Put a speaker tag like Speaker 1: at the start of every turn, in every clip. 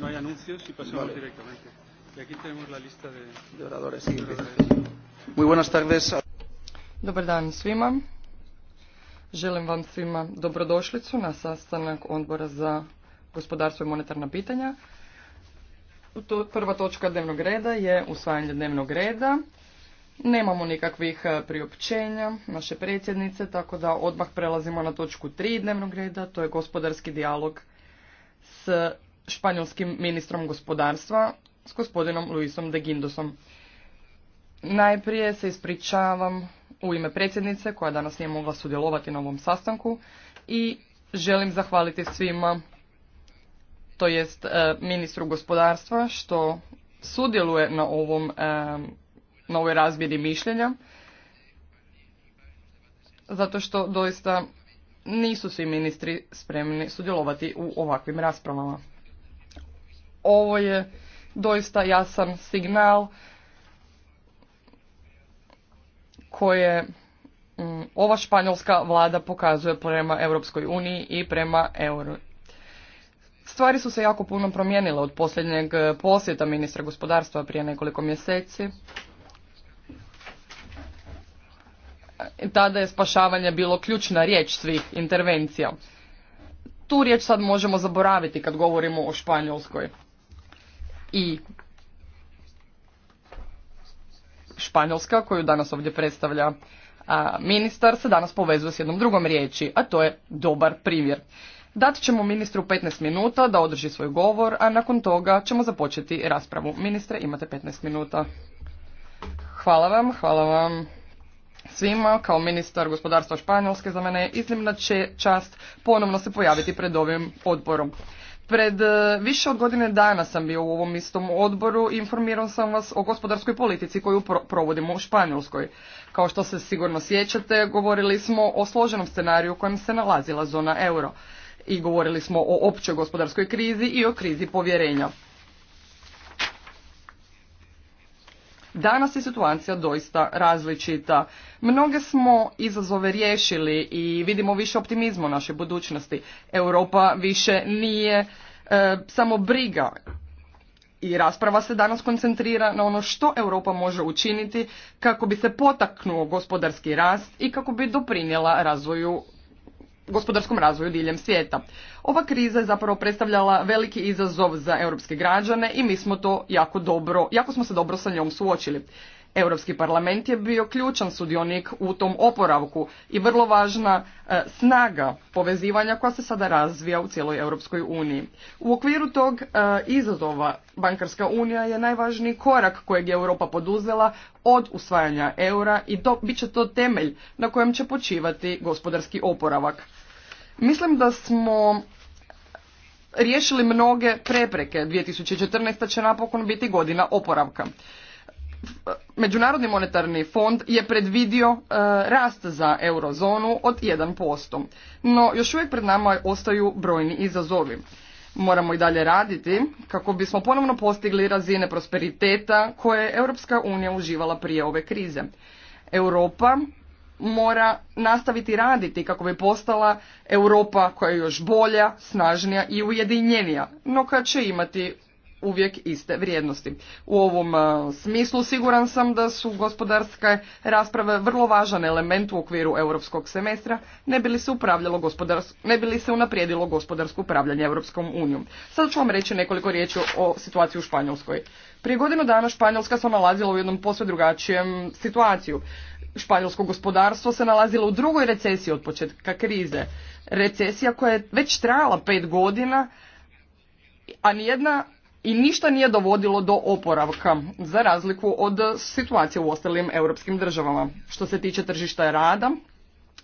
Speaker 1: no hay anuncios y pasamos vale. directamente. Y aquí tenemos la lista de, de oradores. De Muy buenas tardes.
Speaker 2: Dobar dan svima. Želim vam svima dobrodošlicu na sastanak odbora za gospodarstvo i monetarna pitanja. to Prva točka dnevnog reda je usvajanje dnevnog reda. Nemamo nikakvih e, priopćenja naše predsjednice, tako da odmah prelazimo na točku 3 dnevnog reda, to je gospodarski dijalog s španjolskim ministrom gospodarstva s gospodinom Luisom de Guindosom. Najprije se ispričavam u ime predsjednice koja danas nije mogla sudjelovati na ovom sastanku i želim zahvaliti svima, to jest e, ministru gospodarstva što sudjeluje na ovom e, na ovoj razmjeri mišljenja zato što doista nisu svi ministri spremni sudjelovati u ovakvim raspravama. Ovo je doista jasan signal koje mm, ova španjolska vlada pokazuje prema Europskoj uniji i prema euro. Stvari su se jako puno promijenile od posljednjeg eh, posjeta ministra gospodarstva prije nekoliko mjeseci. Tada je spašavanje bilo ključna riječ svih intervencija. Tu riječ sad možemo zaboraviti kad govorimo o Španjolskoj i Španjolska, koju danas ovdje predstavlja ministar, se danas povezuje s jednom drugom riječi, a to je dobar primjer. Dat ćemo ministru 15 minuta da održi svoj govor, a nakon toga ćemo započeti raspravu. Ministre, imate 15 minuta. Hvala vam, hvala vam svima. Kao ministar gospodarstva Španjolske za mene je iznimna čast ponovno se pojaviti pred ovim odborom. Pred e, više od godine dana sam bio u ovom istom odboru i informirao sam vas o gospodarskoj politici koju provodimo u Španjolskoj. Kao što se sigurno sjećate, govorili smo o složenom scenariju u kojem se nalazila zona euro i govorili smo o općoj gospodarskoj krizi i o krizi povjerenja. Danas je situacija doista različita. Mnoge smo izazove riješili i vidimo više optimizma u našoj budućnosti. Europa više nije e, samo briga i rasprava se danas koncentrira na ono što Europa može učiniti kako bi se potaknuo gospodarski rast i kako bi doprinijela razvoju gospodarskom razvoju diljem svijeta. Ova kriza je zapravo predstavljala veliki izazov za europske građane i mi smo to jako dobro, jako smo se dobro sa njom suočili. Europski parlament je bio ključan sudionik u tom oporavku i vrlo važna e, snaga povezivanja koja se sada razvija u cijeloj Europskoj uniji. U okviru tog e, izazova bankarska unija je najvažniji korak kojeg je Europa poduzela od usvajanja eura i to bit će to temelj na kojem će počivati gospodarski oporavak. Mislim da smo riješili mnoge prepreke. 2014. će napokon biti godina oporavka. Međunarodni monetarni fond je predvidio e, rast za eurozonu od 1%. No još uvijek pred nama ostaju brojni izazovi. Moramo i dalje raditi kako bismo ponovno postigli razine prosperiteta koje je Europska unija uživala prije ove krize. Europa mora nastaviti raditi kako bi postala Europa koja je još bolja, snažnija i ujedinjenija, no koja će imati uvijek iste vrijednosti. U ovom smislu siguran sam da su gospodarske rasprave vrlo važan element u okviru europskog semestra ne bi li se upravljalo gospodarsko, ne bi li se unaprijedilo gospodarsko upravljanje Europskom unijom. Sad ću vam reći nekoliko riječi o situaciji u Španjolskoj. Prije godinu dana Španjolska se nalazila u jednom posve drugačijem situaciju. Španjolsko gospodarstvo se nalazilo u drugoj recesiji od početka krize. Recesija koja je već trajala pet godina, a nijedna i ništa nije dovodilo do oporavka, za razliku od situacije u ostalim europskim državama. Što se tiče tržišta rada,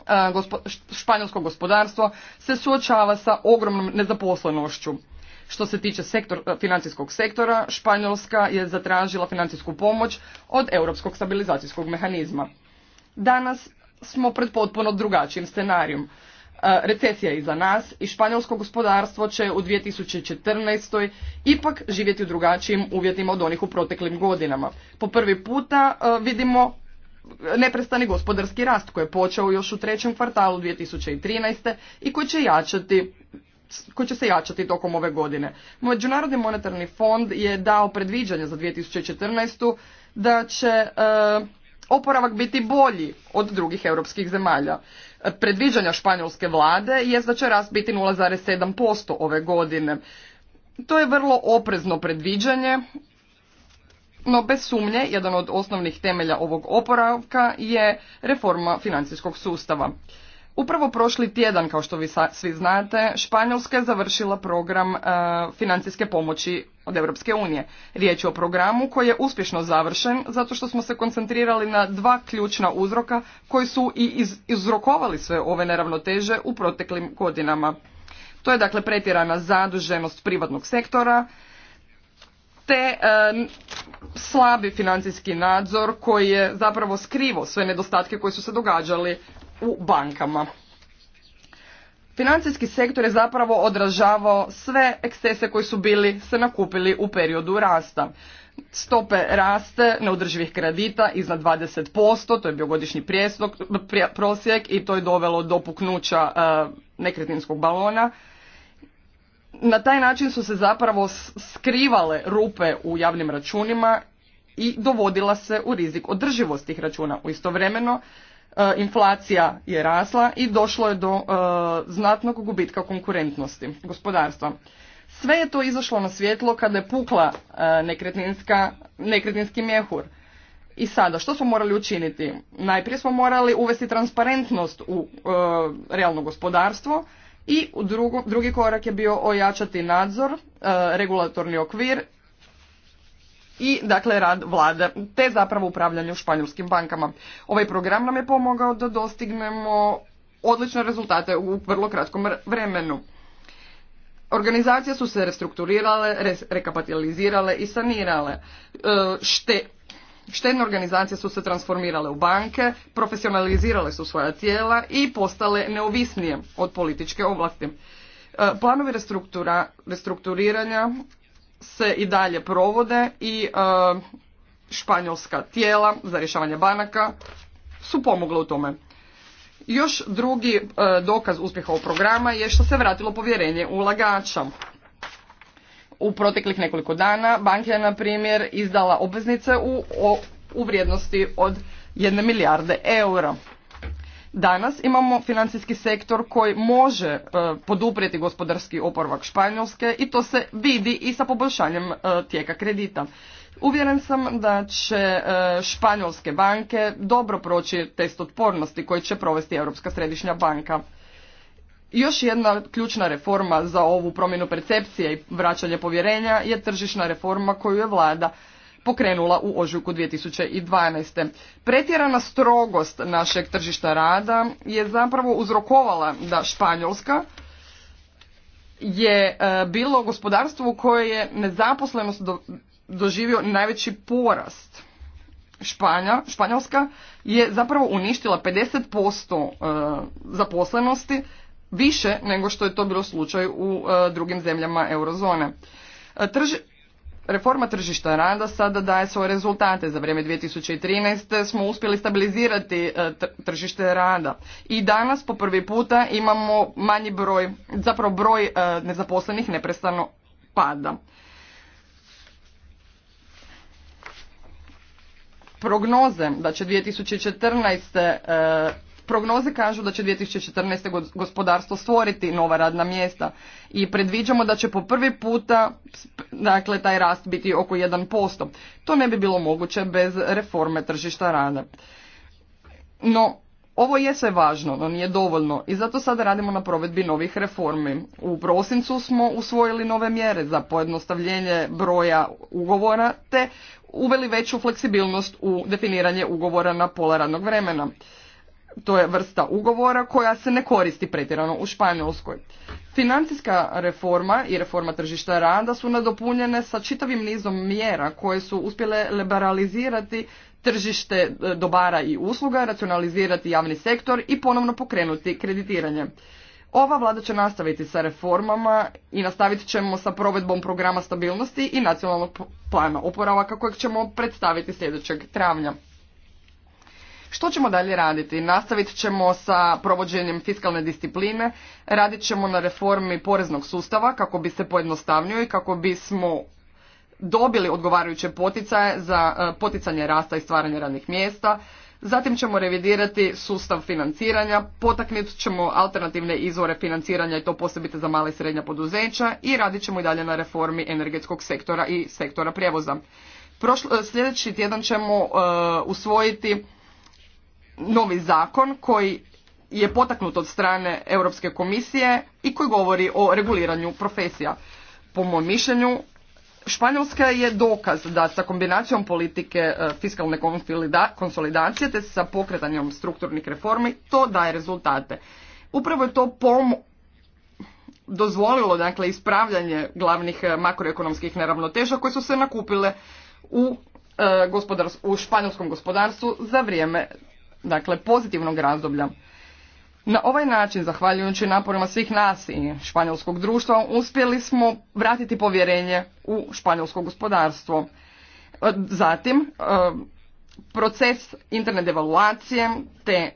Speaker 2: e, španjolsko gospodarstvo se suočava sa ogromnom nezaposlenošću. Što se tiče sektor, e, financijskog sektora, Španjolska je zatražila financijsku pomoć od Europskog stabilizacijskog mehanizma. Danas smo pred potpuno drugačijim scenarijom. E, recesija je iza nas i španjolsko gospodarstvo će u 2014. ipak živjeti u drugačijim uvjetima od onih u proteklim godinama. Po prvi puta e, vidimo neprestani gospodarski rast koji je počeo još u trećem kvartalu 2013. i koji će jačati koji će se jačati tokom ove godine. Međunarodni monetarni fond je dao predviđanje za 2014. da će e, oporavak biti bolji od drugih europskih zemalja predviđanja španjolske vlade je da će rast biti 0,7% ove godine. To je vrlo oprezno predviđanje, no bez sumnje jedan od osnovnih temelja ovog oporavka je reforma financijskog sustava. Upravo prošli tjedan, kao što vi svi znate, Španjolska je završila program eh, financijske pomoći od Europske unije. Riječ je o programu koji je uspješno završen zato što smo se koncentrirali na dva ključna uzroka koji su i izrokovali sve ove neravnoteže u proteklim godinama. To je dakle pretjerana zaduženost privatnog sektora te slabi financijski nadzor koji je zapravo skrivo sve nedostatke koji su se događali u bankama. Financijski sektor je zapravo odražavao sve ekscese koji su bili se nakupili u periodu rasta. Stope raste neodrživih kredita iznad 20%, to je bio godišnji prosjek i to je dovelo do puknuća e, nekretninskog balona. Na taj način su se zapravo skrivale rupe u javnim računima i dovodila se u rizik održivosti tih računa. U istovremeno E, inflacija je rasla i došlo je do e, znatnog gubitka konkurentnosti gospodarstva. Sve je to izašlo na svjetlo kada je pukla e, nekretninski mjehur. I sada, što smo morali učiniti? Najprije smo morali uvesti transparentnost u realno gospodarstvo i drugi korak je bio ojačati nadzor, regulatorni okvir i dakle rad vlade, te zapravo u španjolskim bankama. Ovaj program nam je pomogao da dostignemo odlične rezultate u vrlo kratkom vremenu. Organizacije su se restrukturirale, rekapitalizirale i sanirale. E, šte, štedne organizacije su se transformirale u banke, profesionalizirale su svoja tijela i postale neovisnije od političke ovlasti. E, planovi restrukturiranja se i dalje provode i e, španjolska tijela za rješavanje banaka su pomogla u tome. Još drugi e, dokaz uspjeha ovog programa je što se vratilo povjerenje ulagača. U proteklih nekoliko dana banka je, na primjer, izdala obveznice u, u vrijednosti od 1 milijarde eura. Danas imamo financijski sektor koji može e, poduprijeti gospodarski oporavak Španjolske i to se vidi i sa poboljšanjem e, tijeka kredita. Uvjeren sam da će e, španjolske banke dobro proći test otpornosti koji će provesti Europska središnja banka. Još jedna ključna reforma za ovu promjenu percepcije i vraćanje povjerenja je tržišna reforma koju je vlada pokrenula u ožujku 2012. Pretjerana strogost našeg tržišta rada je zapravo uzrokovala da Španjolska je e, bilo gospodarstvo u koje je nezaposlenost doživio najveći porast. Španja, Španjolska je zapravo uništila 50% e, zaposlenosti više nego što je to bilo slučaj u e, drugim zemljama eurozone. Trži, Reforma tržišta rada sada daje svoje rezultate. Za vrijeme 2013. smo uspjeli stabilizirati e, tržište rada. I danas po prvi puta imamo manji broj, zapravo broj e, nezaposlenih neprestano pada. Prognoze da će 2014. Prognoze kažu da će 2014. gospodarstvo stvoriti nova radna mjesta i predviđamo da će po prvi puta dakle, taj rast biti oko 1%. To ne bi bilo moguće bez reforme tržišta rada. No, ovo je sve važno, no nije dovoljno i zato sada radimo na provedbi novih reformi. U prosincu smo usvojili nove mjere za pojednostavljenje broja ugovora te uveli veću fleksibilnost u definiranje ugovora na pola radnog vremena to je vrsta ugovora koja se ne koristi pretjerano u Španjolskoj. Financijska reforma i reforma tržišta rada su nadopunjene sa čitavim nizom mjera koje su uspjele liberalizirati tržište e, dobara i usluga, racionalizirati javni sektor i ponovno pokrenuti kreditiranje. Ova vlada će nastaviti sa reformama i nastaviti ćemo sa provedbom programa stabilnosti i nacionalnog plana oporavaka kojeg ćemo predstaviti sljedećeg travnja. Što ćemo dalje raditi? Nastavit ćemo sa provođenjem fiskalne discipline, radit ćemo na reformi poreznog sustava kako bi se pojednostavnio i kako bismo dobili odgovarajuće poticaje za e, poticanje rasta i stvaranje radnih mjesta. Zatim ćemo revidirati sustav financiranja, potaknut ćemo alternativne izvore financiranja i to posebite za mala i srednja poduzeća i radit ćemo i dalje na reformi energetskog sektora i sektora prijevoza. Prošlo, e, sljedeći tjedan ćemo e, usvojiti novi zakon koji je potaknut od strane Europske komisije i koji govori o reguliranju profesija. Po mom mišljenju, Španjolska je dokaz da sa kombinacijom politike e, fiskalne konsolidacije te sa pokretanjem strukturnih reformi to daje rezultate. Upravo je to pom dozvolilo dakle, ispravljanje glavnih e, makroekonomskih neravnoteža koje su se nakupile u, e, u španjolskom gospodarstvu za vrijeme dakle pozitivnog razdoblja. Na ovaj način, zahvaljujući naporima svih nas i španjolskog društva, uspjeli smo vratiti povjerenje u španjolsko gospodarstvo. Zatim, e, proces interne devaluacije, te e,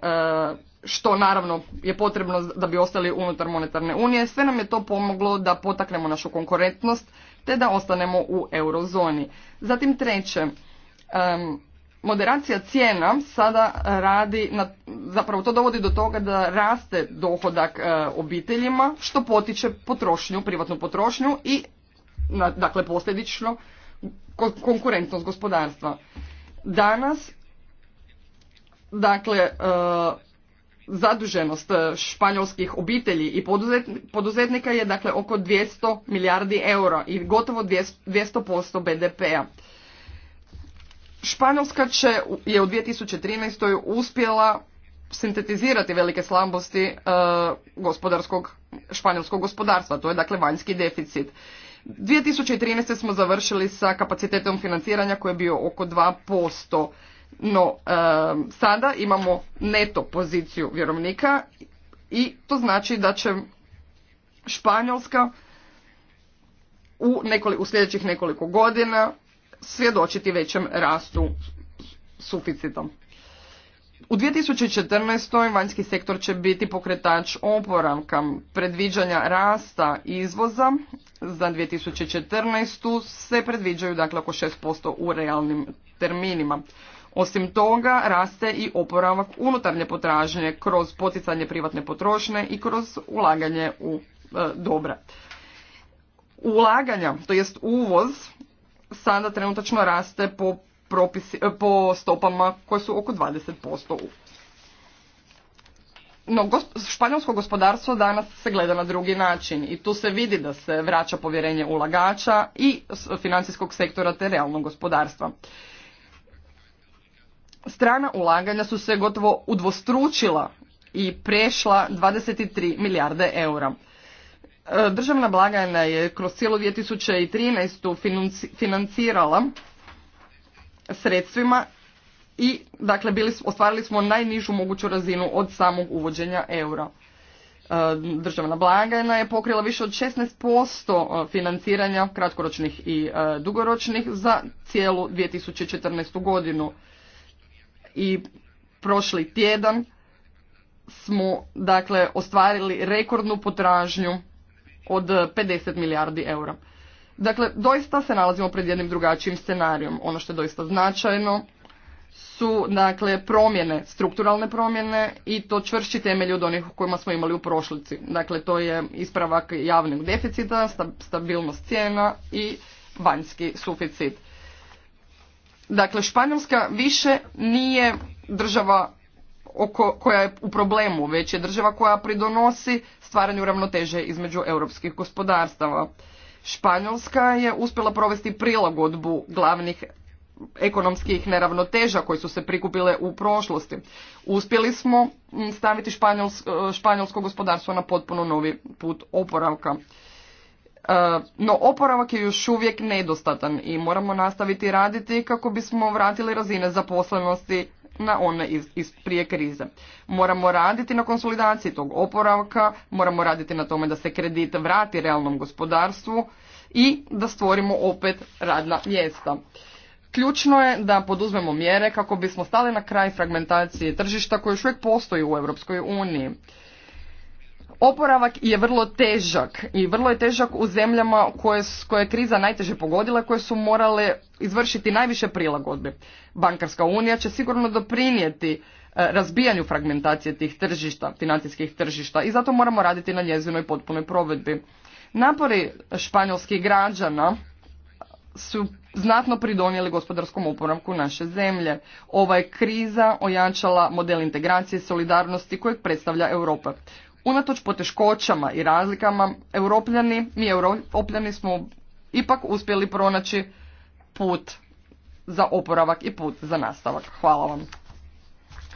Speaker 2: što naravno je potrebno da bi ostali unutar monetarne unije, sve nam je to pomoglo da potaknemo našu konkurentnost, te da ostanemo u eurozoni. Zatim treće, e, moderacija cijena sada radi, na, zapravo to dovodi do toga da raste dohodak e, obiteljima što potiče potrošnju, privatnu potrošnju i dakle posljedično konkurentnost gospodarstva. Danas dakle e, zaduženost španjolskih obitelji i poduzetnika je dakle oko 200 milijardi eura i gotovo 200% BDP-a. Španjolska će, je u 2013. uspjela sintetizirati velike slabosti e, gospodarskog, španjolskog gospodarstva. To je dakle vanjski deficit. 2013. smo završili sa kapacitetom financiranja koji je bio oko 2%. No, e, sada imamo neto poziciju vjerovnika i to znači da će Španjolska u, u sljedećih nekoliko godina svjedočiti većem rastu suficitom. U 2014. vanjski sektor će biti pokretač oporavka predviđanja rasta izvoza. Za 2014. se predviđaju dakle, oko 6% u realnim terminima. Osim toga, raste i oporavak unutarnje potražnje kroz poticanje privatne potrošnje i kroz ulaganje u e, dobra. Ulaganja, to jest uvoz, sada trenutačno raste po, propisi, eh, po stopama koje su oko 20%. No, španjolsko gospodarstvo danas se gleda na drugi način i tu se vidi da se vraća povjerenje ulagača i financijskog sektora te realnog gospodarstva. Strana ulaganja su se gotovo udvostručila i prešla 23 milijarde eura. E, državna blagajna je kroz cijelu 2013. financirala sredstvima i dakle bili, ostvarili smo najnižu moguću razinu od samog uvođenja eura. E, državna blagajna je pokrila više od 16% e, financiranja kratkoročnih i dugoročnih za cijelu 2014. godinu. I prošli tjedan smo dakle ostvarili rekordnu potražnju od 50 milijardi eura. Dakle, doista se nalazimo pred jednim drugačijim scenarijom. Ono što je doista značajno su dakle promjene, strukturalne promjene i to čvršći temelj od onih kojima smo imali u prošlici. Dakle, to je ispravak javnog deficita, stabilnost cijena i vanjski suficit. Dakle, Španjolska više nije država oko, koja je u problemu, već je država koja pridonosi stvaranju ravnoteže između europskih gospodarstava. Španjolska je uspjela provesti prilagodbu glavnih ekonomskih neravnoteža koji su se prikupile u prošlosti. Uspjeli smo mm, staviti španjolsko, e, španjolsko gospodarstvo na potpuno novi put oporavka. E, no oporavak je još uvijek nedostatan i moramo nastaviti raditi kako bismo vratili razine zaposlenosti na one iz, iz prije krize. Moramo raditi na konsolidaciji tog oporavka, moramo raditi na tome da se kredit vrati realnom gospodarstvu i da stvorimo opet radna mjesta. Ključno je da poduzmemo mjere kako bismo stali na kraj fragmentacije tržišta koje još uvijek postoji u Europskoj uniji. Oporavak je vrlo težak i vrlo je težak u zemljama koje, koje je kriza najteže pogodila, koje su morale izvršiti najviše prilagodbe. Bankarska unija će sigurno doprinijeti e, razbijanju fragmentacije tih tržišta, financijskih tržišta i zato moramo raditi na njezinoj potpunoj provedbi. Napori španjolskih građana su znatno pridonijeli gospodarskom oporavku naše zemlje. Ova je kriza ojačala model integracije i solidarnosti kojeg predstavlja Europa. Unatoč poteškoćama i razlikama, europljani, mi europljani smo ipak uspjeli pronaći put za oporavak i put za nastavak. Hvala vam.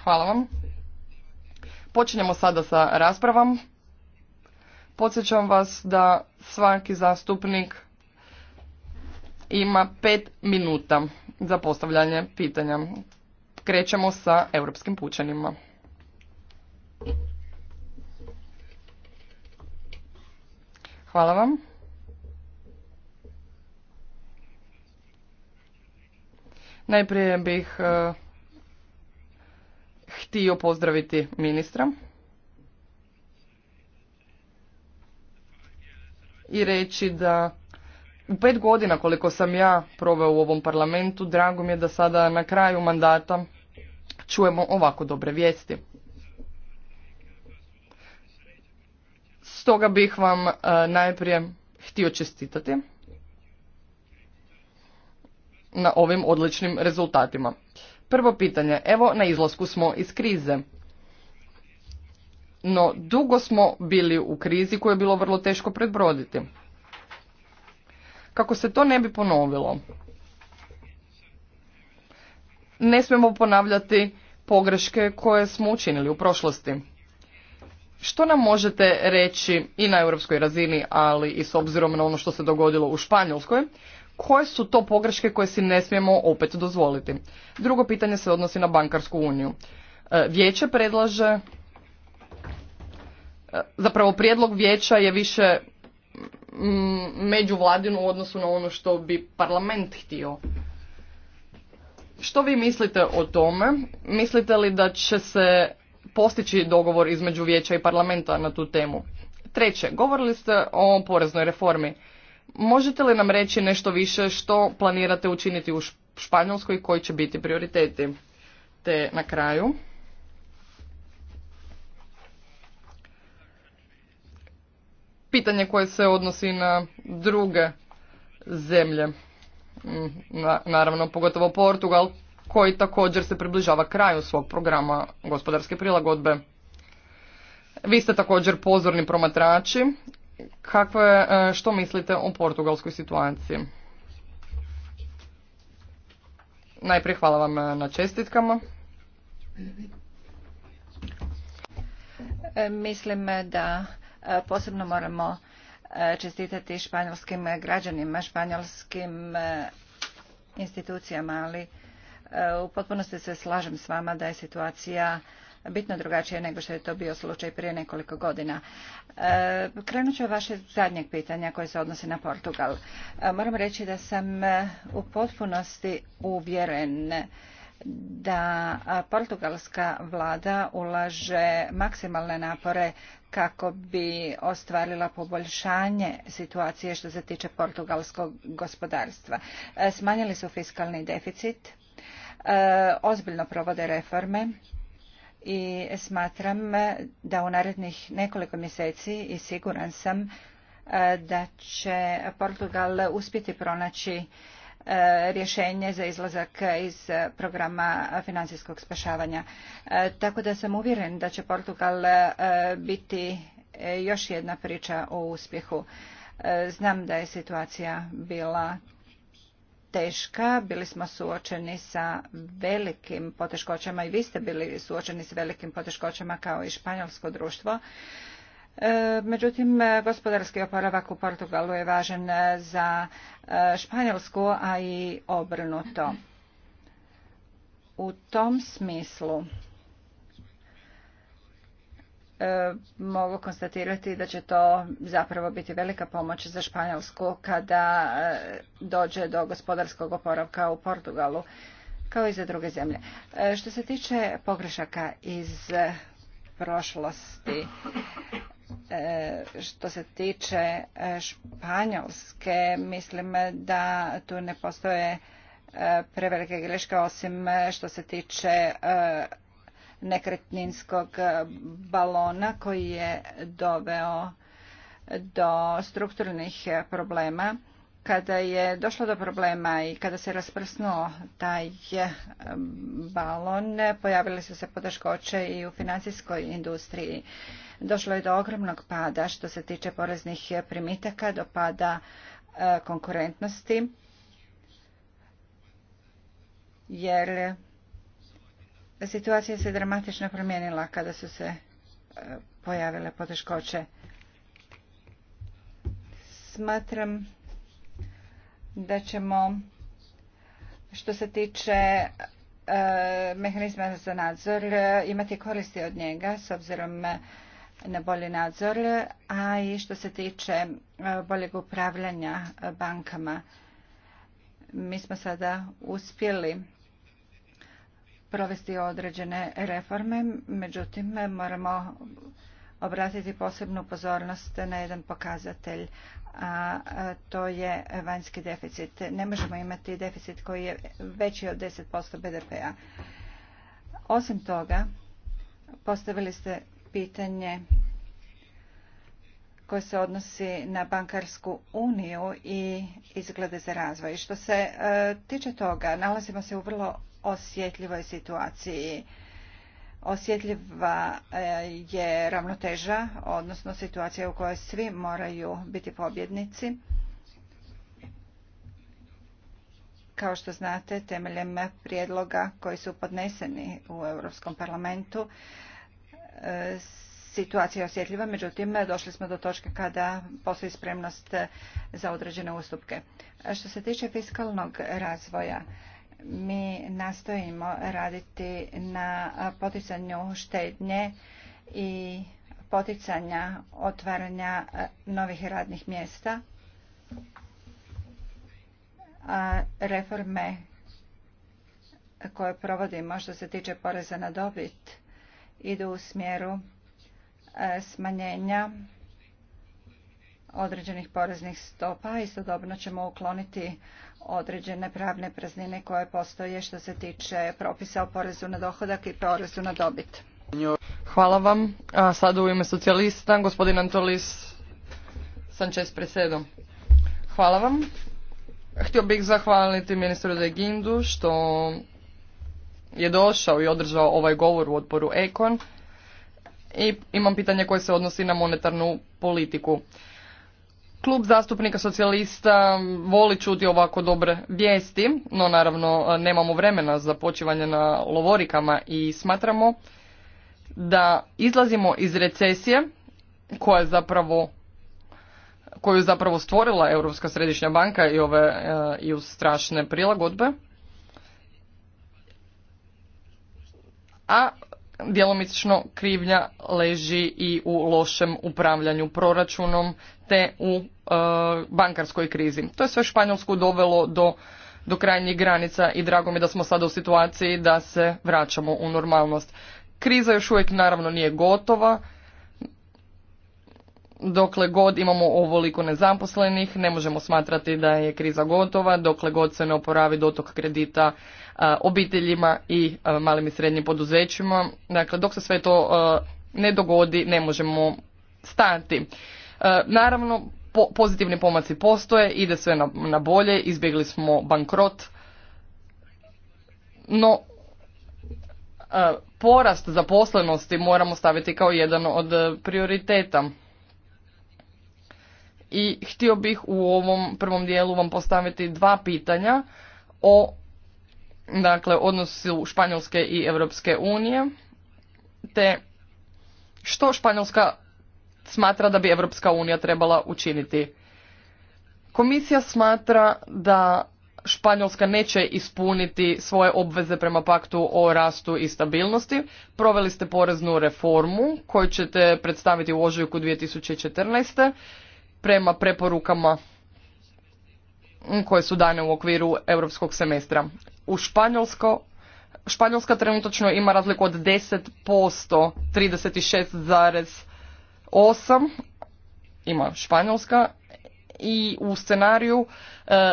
Speaker 2: Hvala vam. Počinjemo sada sa raspravom. Podsjećam vas da svaki zastupnik ima pet minuta za postavljanje pitanja. Krećemo sa europskim pučanima. Hvala vam. Najprije bih e, htio pozdraviti ministra i reći da u pet godina koliko sam ja proveo u ovom parlamentu, drago mi je da sada na kraju mandata čujemo ovako dobre vijesti. Stoga bih vam e, najprije htio čestitati na ovim odličnim rezultatima. Prvo pitanje, evo na izlasku smo iz krize. No dugo smo bili u krizi koju je bilo vrlo teško predbroditi. Kako se to ne bi ponovilo, ne smijemo ponavljati pogreške koje smo učinili u prošlosti. Što nam možete reći i na europskoj razini, ali i s obzirom na ono što se dogodilo u Španjolskoj, koje su to pogreške koje si ne smijemo opet dozvoliti? Drugo pitanje se odnosi na bankarsku uniju. E, vijeće predlaže, e, zapravo prijedlog vijeća je više mm, vladinu u odnosu na ono što bi parlament htio. Što vi mislite o tome? Mislite li da će se postići dogovor između vijeća i parlamenta na tu temu. Treće, govorili ste o poreznoj reformi. Možete li nam reći nešto više što planirate učiniti u Španjolskoj i koji će biti prioriteti? Te na kraju. Pitanje koje se odnosi na druge zemlje. Mm, naravno, pogotovo Portugal koji također se približava kraju svog programa gospodarske prilagodbe. Vi ste također pozorni promatrači. je e, što mislite o portugalskoj situaciji? Najprije hvala vam e, na čestitkama.
Speaker 3: Mislim da e, posebno moramo čestitati španjolskim građanima, španjolskim institucijama, ali E, u potpunosti se slažem s vama da je situacija bitno drugačija nego što je to bio slučaj prije nekoliko godina. E, krenut ću vaše zadnjeg pitanja koje se odnosi na Portugal. E, moram reći da sam u potpunosti uvjeren da portugalska vlada ulaže maksimalne napore kako bi ostvarila poboljšanje situacije što se tiče portugalskog gospodarstva. Smanjili su fiskalni deficit, E, ozbiljno provode reforme i smatram da u narednih nekoliko mjeseci i siguran sam e, da će Portugal uspjeti pronaći e, rješenje za izlazak iz programa financijskog spašavanja. Tako da sam uvjeren da će Portugal biti još jedna priča o uspjehu. Znam da je situacija bila teška, bili smo suočeni sa velikim poteškoćama i vi ste bili suočeni sa velikim poteškoćama kao i španjolsko društvo. E, međutim, gospodarski oporavak u Portugalu je važan za e, Španjolsku, a i obrnuto. U tom smislu E, mogu konstatirati da će to zapravo biti velika pomoć za Španjolsku kada e, dođe do gospodarskog oporavka u Portugalu kao i za druge zemlje. E, što se tiče pogrešaka iz prošlosti, što se tiče Španjolske, mislim da tu ne postoje prevelike greške osim što se tiče nekretninskog e, balona koji je doveo do strukturnih e, problema kada je došlo do problema i kada se rasprsnuo taj e, balon, pojavile su se poteškoće i u financijskoj industriji. Došlo je do ogromnog pada što se tiče poreznih primitaka, do pada konkurentnosti, jer Situacija se dramatično promijenila kada su se e, pojavile poteškoće. Smatram da ćemo što se tiče e, mehanizma za nadzor e, imati koristi od njega s obzirom na bolji nadzor, a i što se tiče boljeg upravljanja bankama. Mi smo sada uspjeli provesti određene reforme, međutim moramo obratiti posebnu pozornost na jedan pokazatelj, a to je vanjski deficit. Ne možemo imati deficit koji je veći od 10% BDP-a. Osim toga, postavili ste pitanje koje se odnosi na bankarsku uniju i izglede za razvoj. Što se e, tiče toga, nalazimo se u vrlo osjetljivoj situaciji. Osjetljiva e, je ravnoteža, odnosno situacija u kojoj svi moraju biti pobjednici. Kao što znate, temeljem prijedloga koji su podneseni u Europskom parlamentu, e, situacija je osjetljiva, međutim došli smo do točke kada postoji spremnost za određene ustupke. Što se tiče fiskalnog razvoja, mi nastojimo raditi na poticanju štednje i poticanja otvaranja e, novih radnih mjesta. A reforme koje provodimo što se tiče poreza na dobit idu u smjeru e, smanjenja određenih poreznih stopa. Istodobno ćemo ukloniti određene pravne praznine koje postoje što se tiče propisa o porezu na
Speaker 2: dohodak i porezu na dobit. Hvala vam. sada u ime socijalista, gospodin Antolis Sanchez Presedo. Hvala vam. Htio bih zahvaliti ministru Gindu što je došao i održao ovaj govor u odboru Ekon i imam pitanje koje se odnosi na monetarnu politiku. Klub zastupnika socijalista voli čuti ovako dobre vijesti, no naravno e, nemamo vremena za počivanje na lovorikama i smatramo da izlazimo iz recesije koja je zapravo koju je zapravo stvorila Europska središnja banka i ove e, i uz strašne prilagodbe. A djelomično krivnja leži i u lošem upravljanju proračunom te u e, bankarskoj krizi. To je sve Španjolsku dovelo do, do krajnjih granica i drago mi da smo sada u situaciji da se vraćamo u normalnost. Kriza još uvijek naravno nije gotova dokle god imamo ovoliko nezaposlenih, ne možemo smatrati da je kriza gotova, dokle god se ne oporavi dotok kredita obiteljima i malim i srednjim poduzećima. Dakle, dok se sve to ne dogodi, ne možemo stati. Naravno, pozitivni pomaci postoje, ide sve na bolje, izbjegli smo bankrot, no porast zaposlenosti moramo staviti kao jedan od prioriteta i htio bih u ovom prvom dijelu vam postaviti dva pitanja o dakle odnosu Španjolske i Europske unije te što Španjolska smatra da bi Europska unija trebala učiniti. Komisija smatra da Španjolska neće ispuniti svoje obveze prema paktu o rastu i stabilnosti. Proveli ste poreznu reformu koju ćete predstaviti u ožujku 2014 prema preporukama koje su dane u okviru europskog semestra. U Španjolsko, Španjolska trenutačno ima razliku od 10%, 36,8% ima Španjolska i u scenariju e,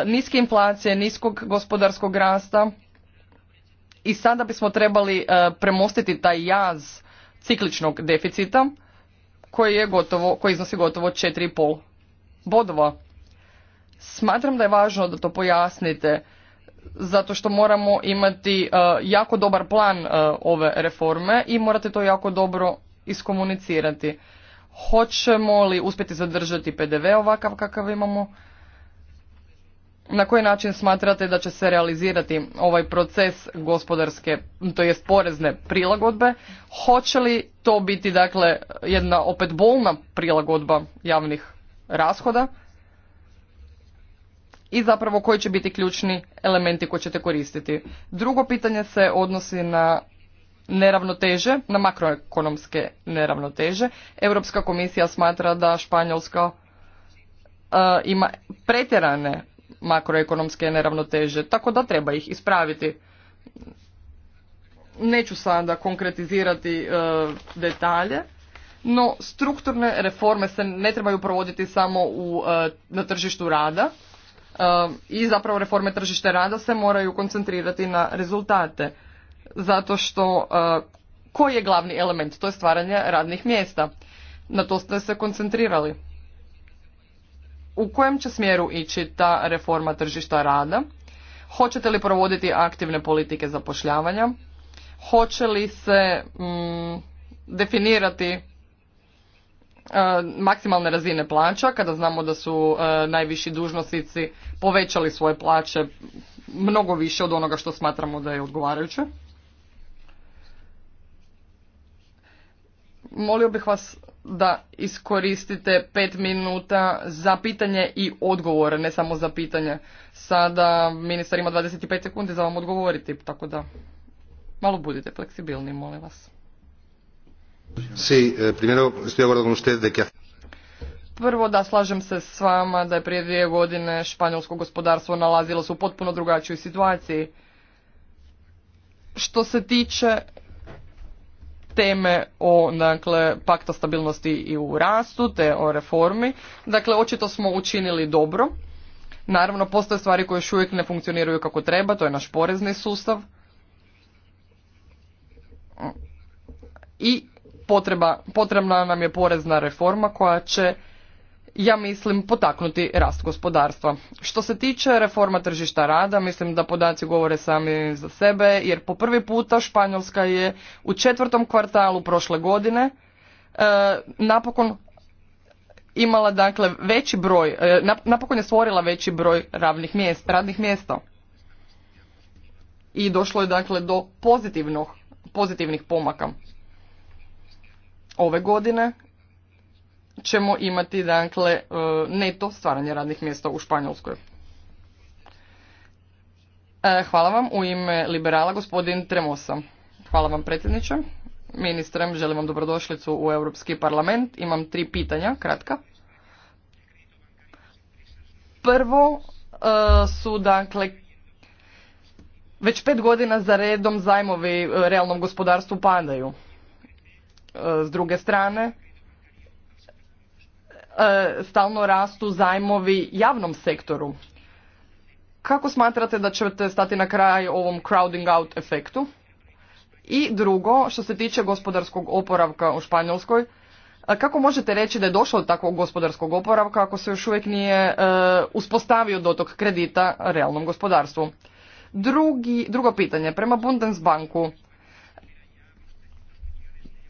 Speaker 2: niske inflacije, niskog gospodarskog rasta i sada bismo trebali e, premostiti taj jaz cikličnog deficita koji je gotovo, koji iznosi gotovo 4,5 bodova. Smatram da je važno da to pojasnite zato što moramo imati e, jako dobar plan e, ove reforme i morate to jako dobro iskomunicirati. Hoćemo li uspjeti zadržati PDV ovakav kakav imamo? Na koji način smatrate da će se realizirati ovaj proces gospodarske, to jest porezne prilagodbe? Hoće li to biti dakle jedna opet bolna prilagodba javnih rashoda i zapravo koji će biti ključni elementi koje ćete koristiti. Drugo pitanje se odnosi na neravnoteže, na makroekonomske neravnoteže. Europska komisija smatra da Španjolska e, ima pretjerane makroekonomske neravnoteže, tako da treba ih ispraviti. Neću sada konkretizirati e, detalje, no strukturne reforme se ne trebaju provoditi samo u, e, na tržištu rada e, i zapravo reforme tržište rada se moraju koncentrirati na rezultate zato što e, koji je glavni element to je stvaranje radnih mjesta na to ste se koncentrirali u kojem će smjeru ići ta reforma tržišta rada hoćete li provoditi aktivne politike zapošljavanja hoće li se mm, definirati E, maksimalne razine plaća, kada znamo da su e, najviši dužnosnici povećali svoje plaće mnogo više od onoga što smatramo da je odgovarajuće. Molio bih vas da iskoristite pet minuta za pitanje i odgovore, ne samo za pitanje. Sada ministar ima 25 sekundi za vam odgovoriti, tako da malo budite fleksibilni, molim vas. Eh, prvo da slažem se s vama da je prije dvije godine španjolsko gospodarstvo nalazilo se u potpuno drugačijoj situaciji. Što se tiče teme o dakle, pakta stabilnosti i u rastu, te o reformi, dakle očito smo učinili dobro. Naravno, postoje stvari koje još uvijek ne funkcioniraju kako treba, to je naš porezni sustav. I potreba, potrebna nam je porezna reforma koja će ja mislim potaknuti rast gospodarstva. Što se tiče reforma tržišta rada, mislim da podaci govore sami za sebe, jer po prvi puta Španjolska je u četvrtom kvartalu prošle godine e, napokon imala dakle veći broj, e, napokon je stvorila veći broj ravnih radnih mjesta. I došlo je dakle do pozitivnog, pozitivnih pomaka ove godine ćemo imati dakle e, neto stvaranje radnih mjesta u Španjolskoj. E, hvala vam u ime liberala gospodin Tremosa. Hvala vam predsjedniče. Ministrem, želim vam dobrodošlicu u Europski parlament. Imam tri pitanja, kratka. Prvo e, su dakle već pet godina za redom zajmovi realnom gospodarstvu padaju. S druge strane, e, stalno rastu zajmovi javnom sektoru. Kako smatrate da ćete stati na kraj ovom crowding out efektu? I drugo, što se tiče gospodarskog oporavka u Španjolskoj, e, kako možete reći da je došlo do takvog gospodarskog oporavka ako se još uvijek nije e, uspostavio dotok kredita realnom gospodarstvu? drugo pitanje, prema Bundesbanku,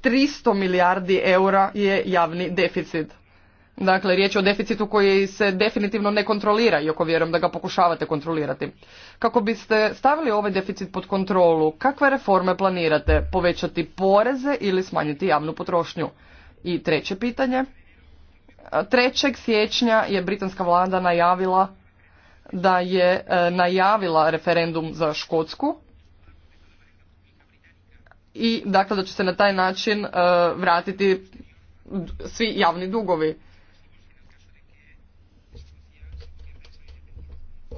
Speaker 2: 300 milijardi eura je javni deficit. Dakle, riječ je o deficitu koji se definitivno ne kontrolira, iako vjerujem da ga pokušavate kontrolirati. Kako biste stavili ovaj deficit pod kontrolu, kakve reforme planirate? Povećati poreze ili smanjiti javnu potrošnju? I treće pitanje. 3. siječnja je britanska vlada najavila da je e, najavila referendum za Škotsku, i dakle da će se na taj način e, vratiti svi javni dugovi.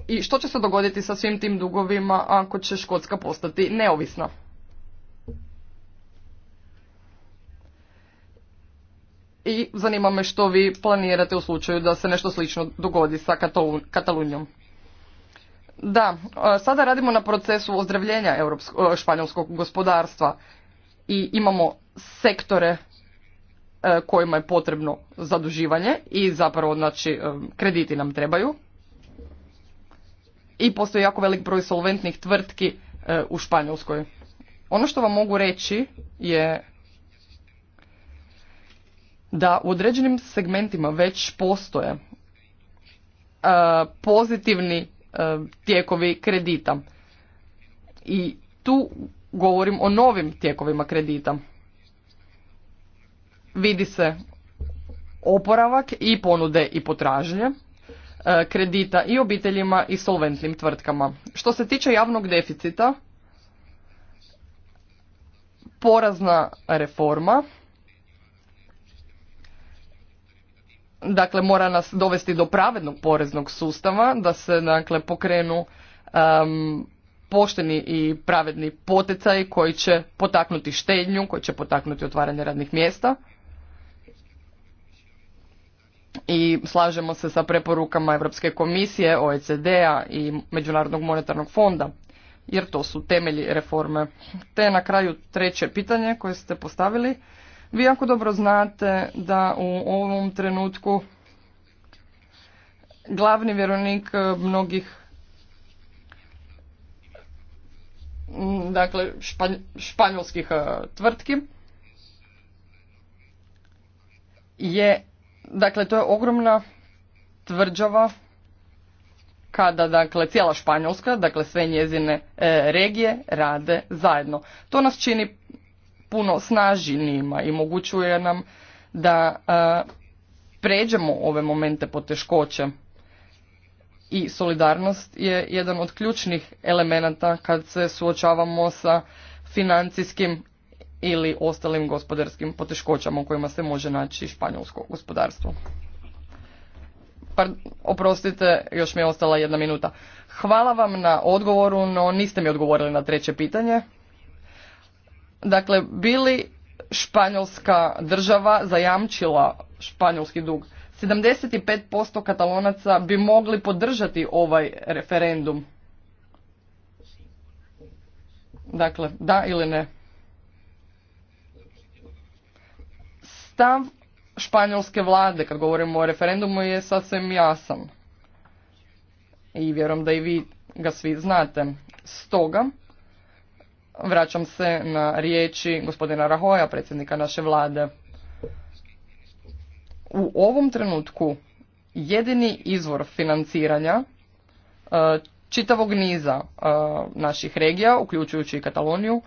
Speaker 2: I što će se dogoditi sa svim tim dugovima ako će Škotska postati neovisna? I zanima me što vi planirate u slučaju da se nešto slično dogodi sa Katalunijom. Da, sada radimo na procesu ozdravljenja španjolskog gospodarstva i imamo sektore e, kojima je potrebno zaduživanje i zapravo znači e, krediti nam trebaju. I postoji jako velik broj solventnih tvrtki e, u Španjolskoj. Ono što vam mogu reći je da u određenim segmentima već postoje pozitivni tijekovi kredita. I tu govorim o novim tijekovima kredita. Vidi se oporavak i ponude i potražnje e, kredita i obiteljima i solventnim tvrtkama. Što se tiče javnog deficita, porazna reforma dakle mora nas dovesti do pravednog poreznog sustava da se dakle pokrenu um, pošteni i pravedni poticaji koji će potaknuti štednju koji će potaknuti otvaranje radnih mjesta i slažemo se sa preporukama Europske komisije, OECD-a i Međunarodnog monetarnog fonda, jer to su temelji reforme. Te na kraju treće pitanje koje ste postavili vi jako dobro znate da u ovom trenutku glavni vjerovnik e, mnogih dakle španjolskih e, tvrtki je dakle to je ogromna tvrđava kada dakle cijela Španjolska, dakle sve njezine e, regije rade zajedno. To nas čini puno snažnijima i mogućuje nam da pređemo ove momente poteškoće I solidarnost je jedan od ključnih elemenata kad se suočavamo sa financijskim ili ostalim gospodarskim poteškoćama u kojima se može naći španjolsko gospodarstvo. Par, oprostite, još mi je ostala jedna minuta. Hvala vam na odgovoru, no niste mi odgovorili na treće pitanje. Dakle, bili španjolska država zajamčila španjolski dug. 75% katalonaca bi mogli podržati ovaj referendum. Dakle, da ili ne. Stav španjolske vlade, kad govorimo o referendumu, je sasvim jasan. I vjerujem da i vi ga svi znate. Stoga, Vraćam se na riječi gospodina Rahoja, predsjednika naše vlade. U ovom trenutku jedini izvor financiranja e, čitavog niza e, naših regija, uključujući i Kataloniju,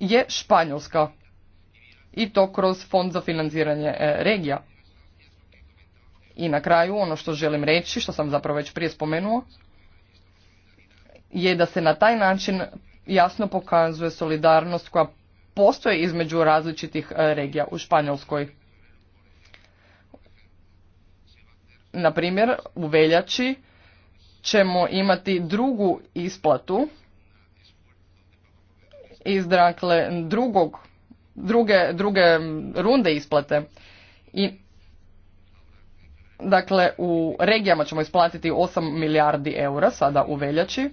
Speaker 2: je Španjolska. I to kroz Fond za financiranje e, regija. I na kraju ono što želim reći, što sam zapravo već prije spomenuo, je da se na taj način jasno pokazuje solidarnost koja postoji između različitih e, regija u Španjolskoj. Na primjer, u veljači ćemo imati drugu isplatu iz dakle, drugog, druge, druge runde isplate. I Dakle, u regijama ćemo isplatiti 8 milijardi eura sada u veljači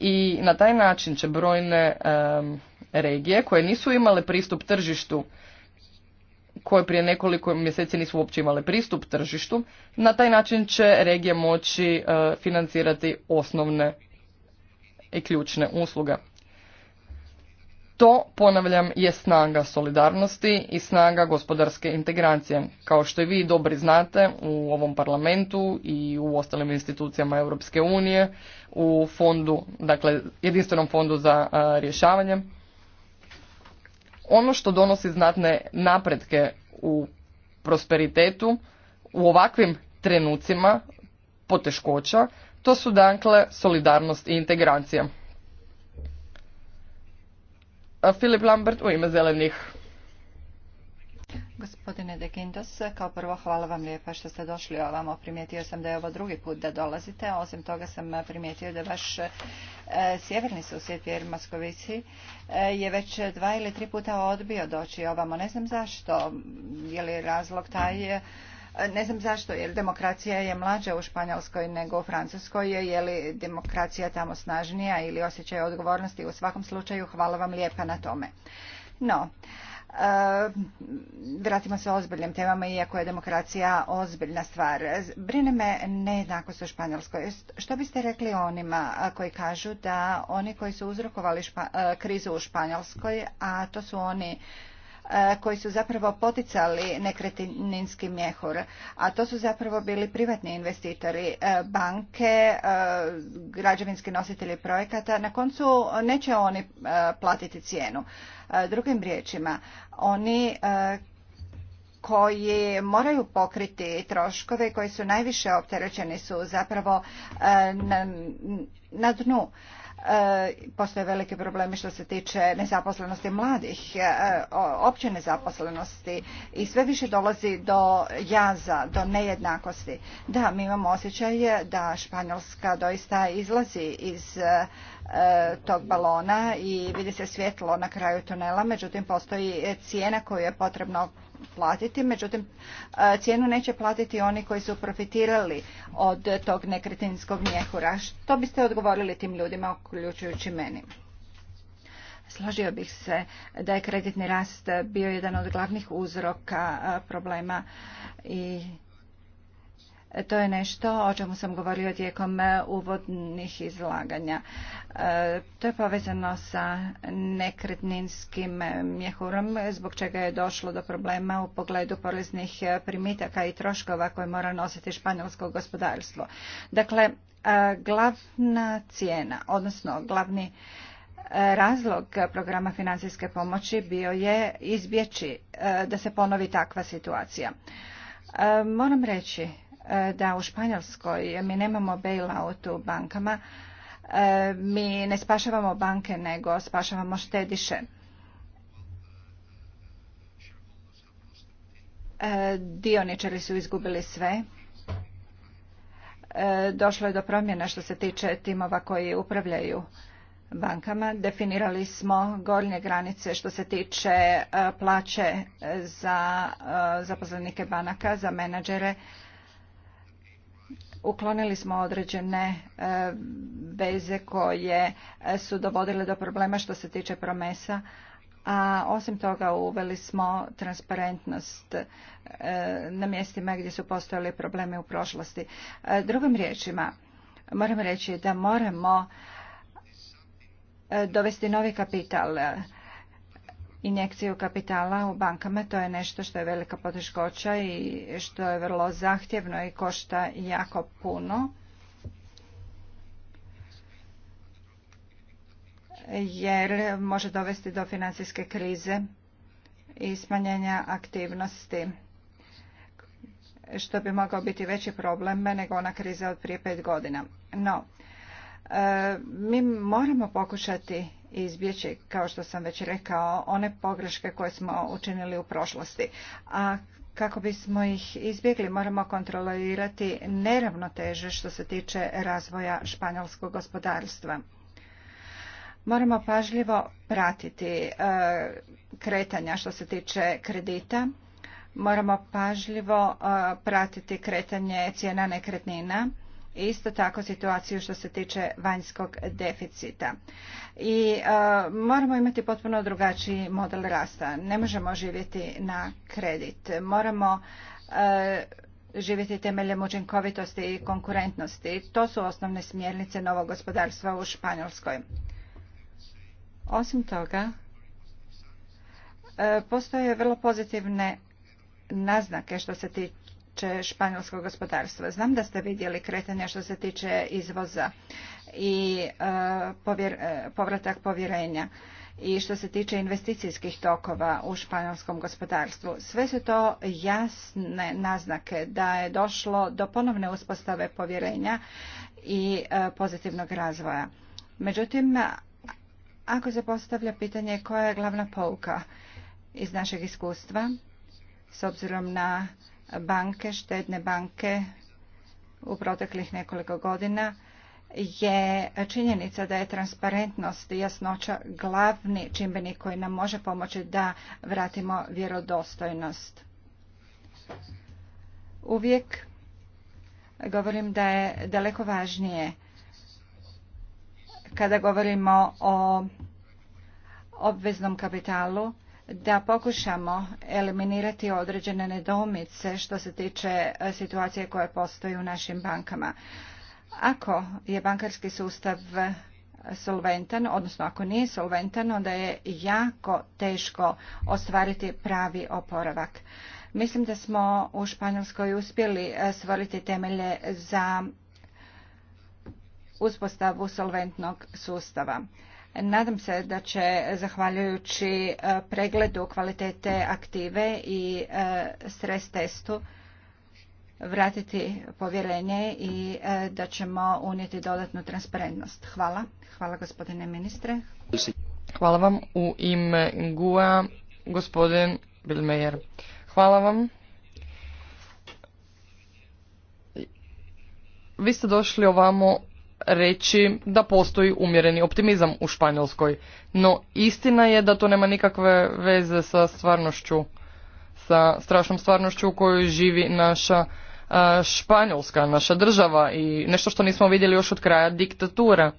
Speaker 2: i na taj način će brojne regije koje nisu imale pristup tržištu, koje prije nekoliko mjeseci nisu uopće imale pristup tržištu, na taj način će regije moći eh, financirati osnovne i ključne usluge. To, ponavljam, je snaga solidarnosti i snaga gospodarske integracije. Kao što i vi dobri znate, u ovom parlamentu i u ostalim institucijama Europske unije, u fondu, dakle, jedinstvenom fondu za rješavanje, ono što donosi znatne napretke u prosperitetu, u ovakvim trenucima poteškoća, to su dakle solidarnost i integracija. Filip Lambert u ime zelenih.
Speaker 3: Gospodine De Kindos, kao prvo hvala vam lijepa što ste došli ovamo. Primijetio sam da je ovo drugi put da dolazite, osim toga sam primijetio da vaš e, sjeverni susjed Pjer Moskovici e, je već dva ili tri puta odbio doći ovamo. Ne znam zašto, je li razlog taj ne znam zašto, jer demokracija je mlađa u Španjolskoj nego u Francuskoj, je li demokracija tamo snažnija ili osjećaj odgovornosti. U svakom slučaju hvala vam lijepa na tome. No, e, vratimo se ozbiljnim temama, iako je demokracija ozbiljna stvar. Brine me nejednakost u Španjolskoj. Što biste rekli onima koji kažu da oni koji su uzrokovali e, krizu u Španjolskoj, a to su oni E, koji su zapravo poticali nekretninski mjehur, a to su zapravo bili privatni investitori, e, banke, e, građevinski nositelji projekata. Na koncu neće oni platiti cijenu. Drugim riječima, oni koji moraju pokriti troškove koji su najviše opterećeni su zapravo na dnu E, postoje veliki problemi što se tiče nezaposlenosti mladih, e, opće nezaposlenosti i sve više dolazi do jaza, do nejednakosti. Da, mi imamo osjećaj da Španjolska doista izlazi iz e, tog balona i vidi se svjetlo na kraju tunela, međutim postoji cijena koju je potrebno platiti, međutim e, cijenu neće platiti oni koji su profitirali od tog nekretinskog mjehura. Što biste odgovorili tim ljudima, uključujući meni? Složio bih se da je kreditni rast bio jedan od glavnih uzroka e, problema i E, to je nešto o čemu sam govorio tijekom e, uvodnih izlaganja. E, to je povezano sa nekretninskim mjehurom, zbog čega je došlo do problema u pogledu poreznih primitaka i troškova koje mora nositi španjolsko gospodarstvo. Dakle, glavna cijena, odnosno glavni razlog programa financijske pomoći bio je izbjeći da se ponovi takva situacija. Moram reći da u Španjolskoj mi nemamo bailout u bankama, e, mi ne spašavamo banke nego spašavamo štediše. E, dioničari su izgubili sve. E, došlo je do promjena što se tiče timova koji upravljaju bankama. Definirali smo gornje granice što se tiče plaće za zaposlenike banaka, za menadžere uklonili smo određene e, veze koje su dovodile do problema što se tiče promesa, a osim toga uveli smo transparentnost e, na mjestima gdje su postojali problemi u prošlosti. E, drugim riječima, moram reći da moramo dovesti novi kapital injekciju kapitala u bankama. To je nešto što je velika poteškoća i što je vrlo zahtjevno i košta jako puno. jer može dovesti do financijske krize i smanjenja aktivnosti, što bi mogao biti veći problem nego ona kriza od prije pet godina. No, e, mi moramo pokušati izbjeći, kao što sam već rekao, one pogreške koje smo učinili u prošlosti. A kako bismo ih izbjegli, moramo kontrolirati neravnoteže što se tiče razvoja španjolskog gospodarstva. Moramo pažljivo pratiti e, kretanja što se tiče kredita. Moramo pažljivo e, pratiti kretanje cijena nekretnina isto tako situaciju što se tiče vanjskog deficita. I e, moramo imati potpuno drugačiji model rasta. Ne možemo živjeti na kredit. Moramo e, živjeti temeljem učinkovitosti i konkurentnosti. To su osnovne smjernice novog gospodarstva u Španjolskoj. Osim toga, e, postoje vrlo pozitivne naznake što se tiče tiče španjolskog gospodarstva. Znam da ste vidjeli kretanja što se tiče izvoza i e, e, povratak povjerenja i što se tiče investicijskih tokova u španjolskom gospodarstvu. Sve su to jasne naznake da je došlo do ponovne uspostave povjerenja i e, pozitivnog razvoja. Međutim, ako se postavlja pitanje koja je glavna pouka iz našeg iskustva, s obzirom na banke, štedne banke u proteklih nekoliko godina je činjenica da je transparentnost i jasnoća glavni čimbenik koji nam može pomoći da vratimo vjerodostojnost. Uvijek govorim da je daleko važnije kada govorimo o obveznom kapitalu da pokušamo eliminirati određene nedoumice što se tiče e, situacije koja postoji u našim bankama. Ako je bankarski sustav e, solventan, odnosno ako nije solventan, onda je jako teško ostvariti pravi oporavak. Mislim da smo u Španjolskoj uspjeli e, stvoriti temelje za uspostavu solventnog sustava. Nadam se da će, zahvaljujući e, pregledu kvalitete aktive i e, stres testu, vratiti povjerenje i e, da ćemo unijeti dodatnu transparentnost. Hvala. Hvala gospodine ministre.
Speaker 2: Hvala vam u ime GUA, gospodin Bilmejer. Hvala vam. Vi ste došli ovamo reći da postoji umjereni optimizam u Španjolskoj. No istina je da to nema nikakve veze sa stvarnošću, sa strašnom stvarnošću u kojoj živi naša Španjolska, naša država i nešto što nismo vidjeli još od kraja diktatura.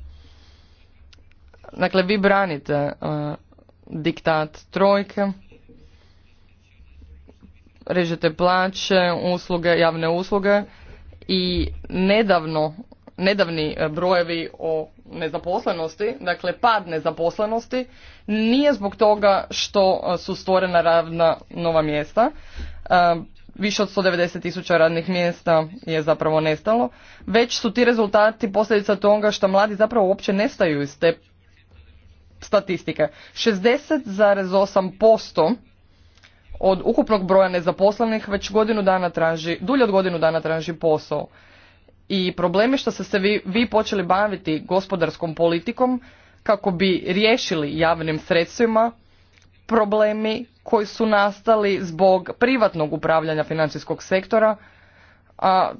Speaker 2: Dakle, vi branite diktat trojke, režete plaće, usluge, javne usluge i nedavno nedavni e, brojevi o nezaposlenosti, dakle pad nezaposlenosti, nije zbog toga što e, su stvorena ravna nova mjesta, e, više od 190 tisuća radnih mjesta je zapravo nestalo, već su ti rezultati posljedica toga što mladi zapravo uopće nestaju iz te statistike. 60,8% od ukupnog broja nezaposlenih već godinu dana traži, dulje od godinu dana traži posao i problemi što ste se vi, vi počeli baviti gospodarskom politikom kako bi riješili javnim sredstvima problemi koji su nastali zbog privatnog upravljanja financijskog sektora, a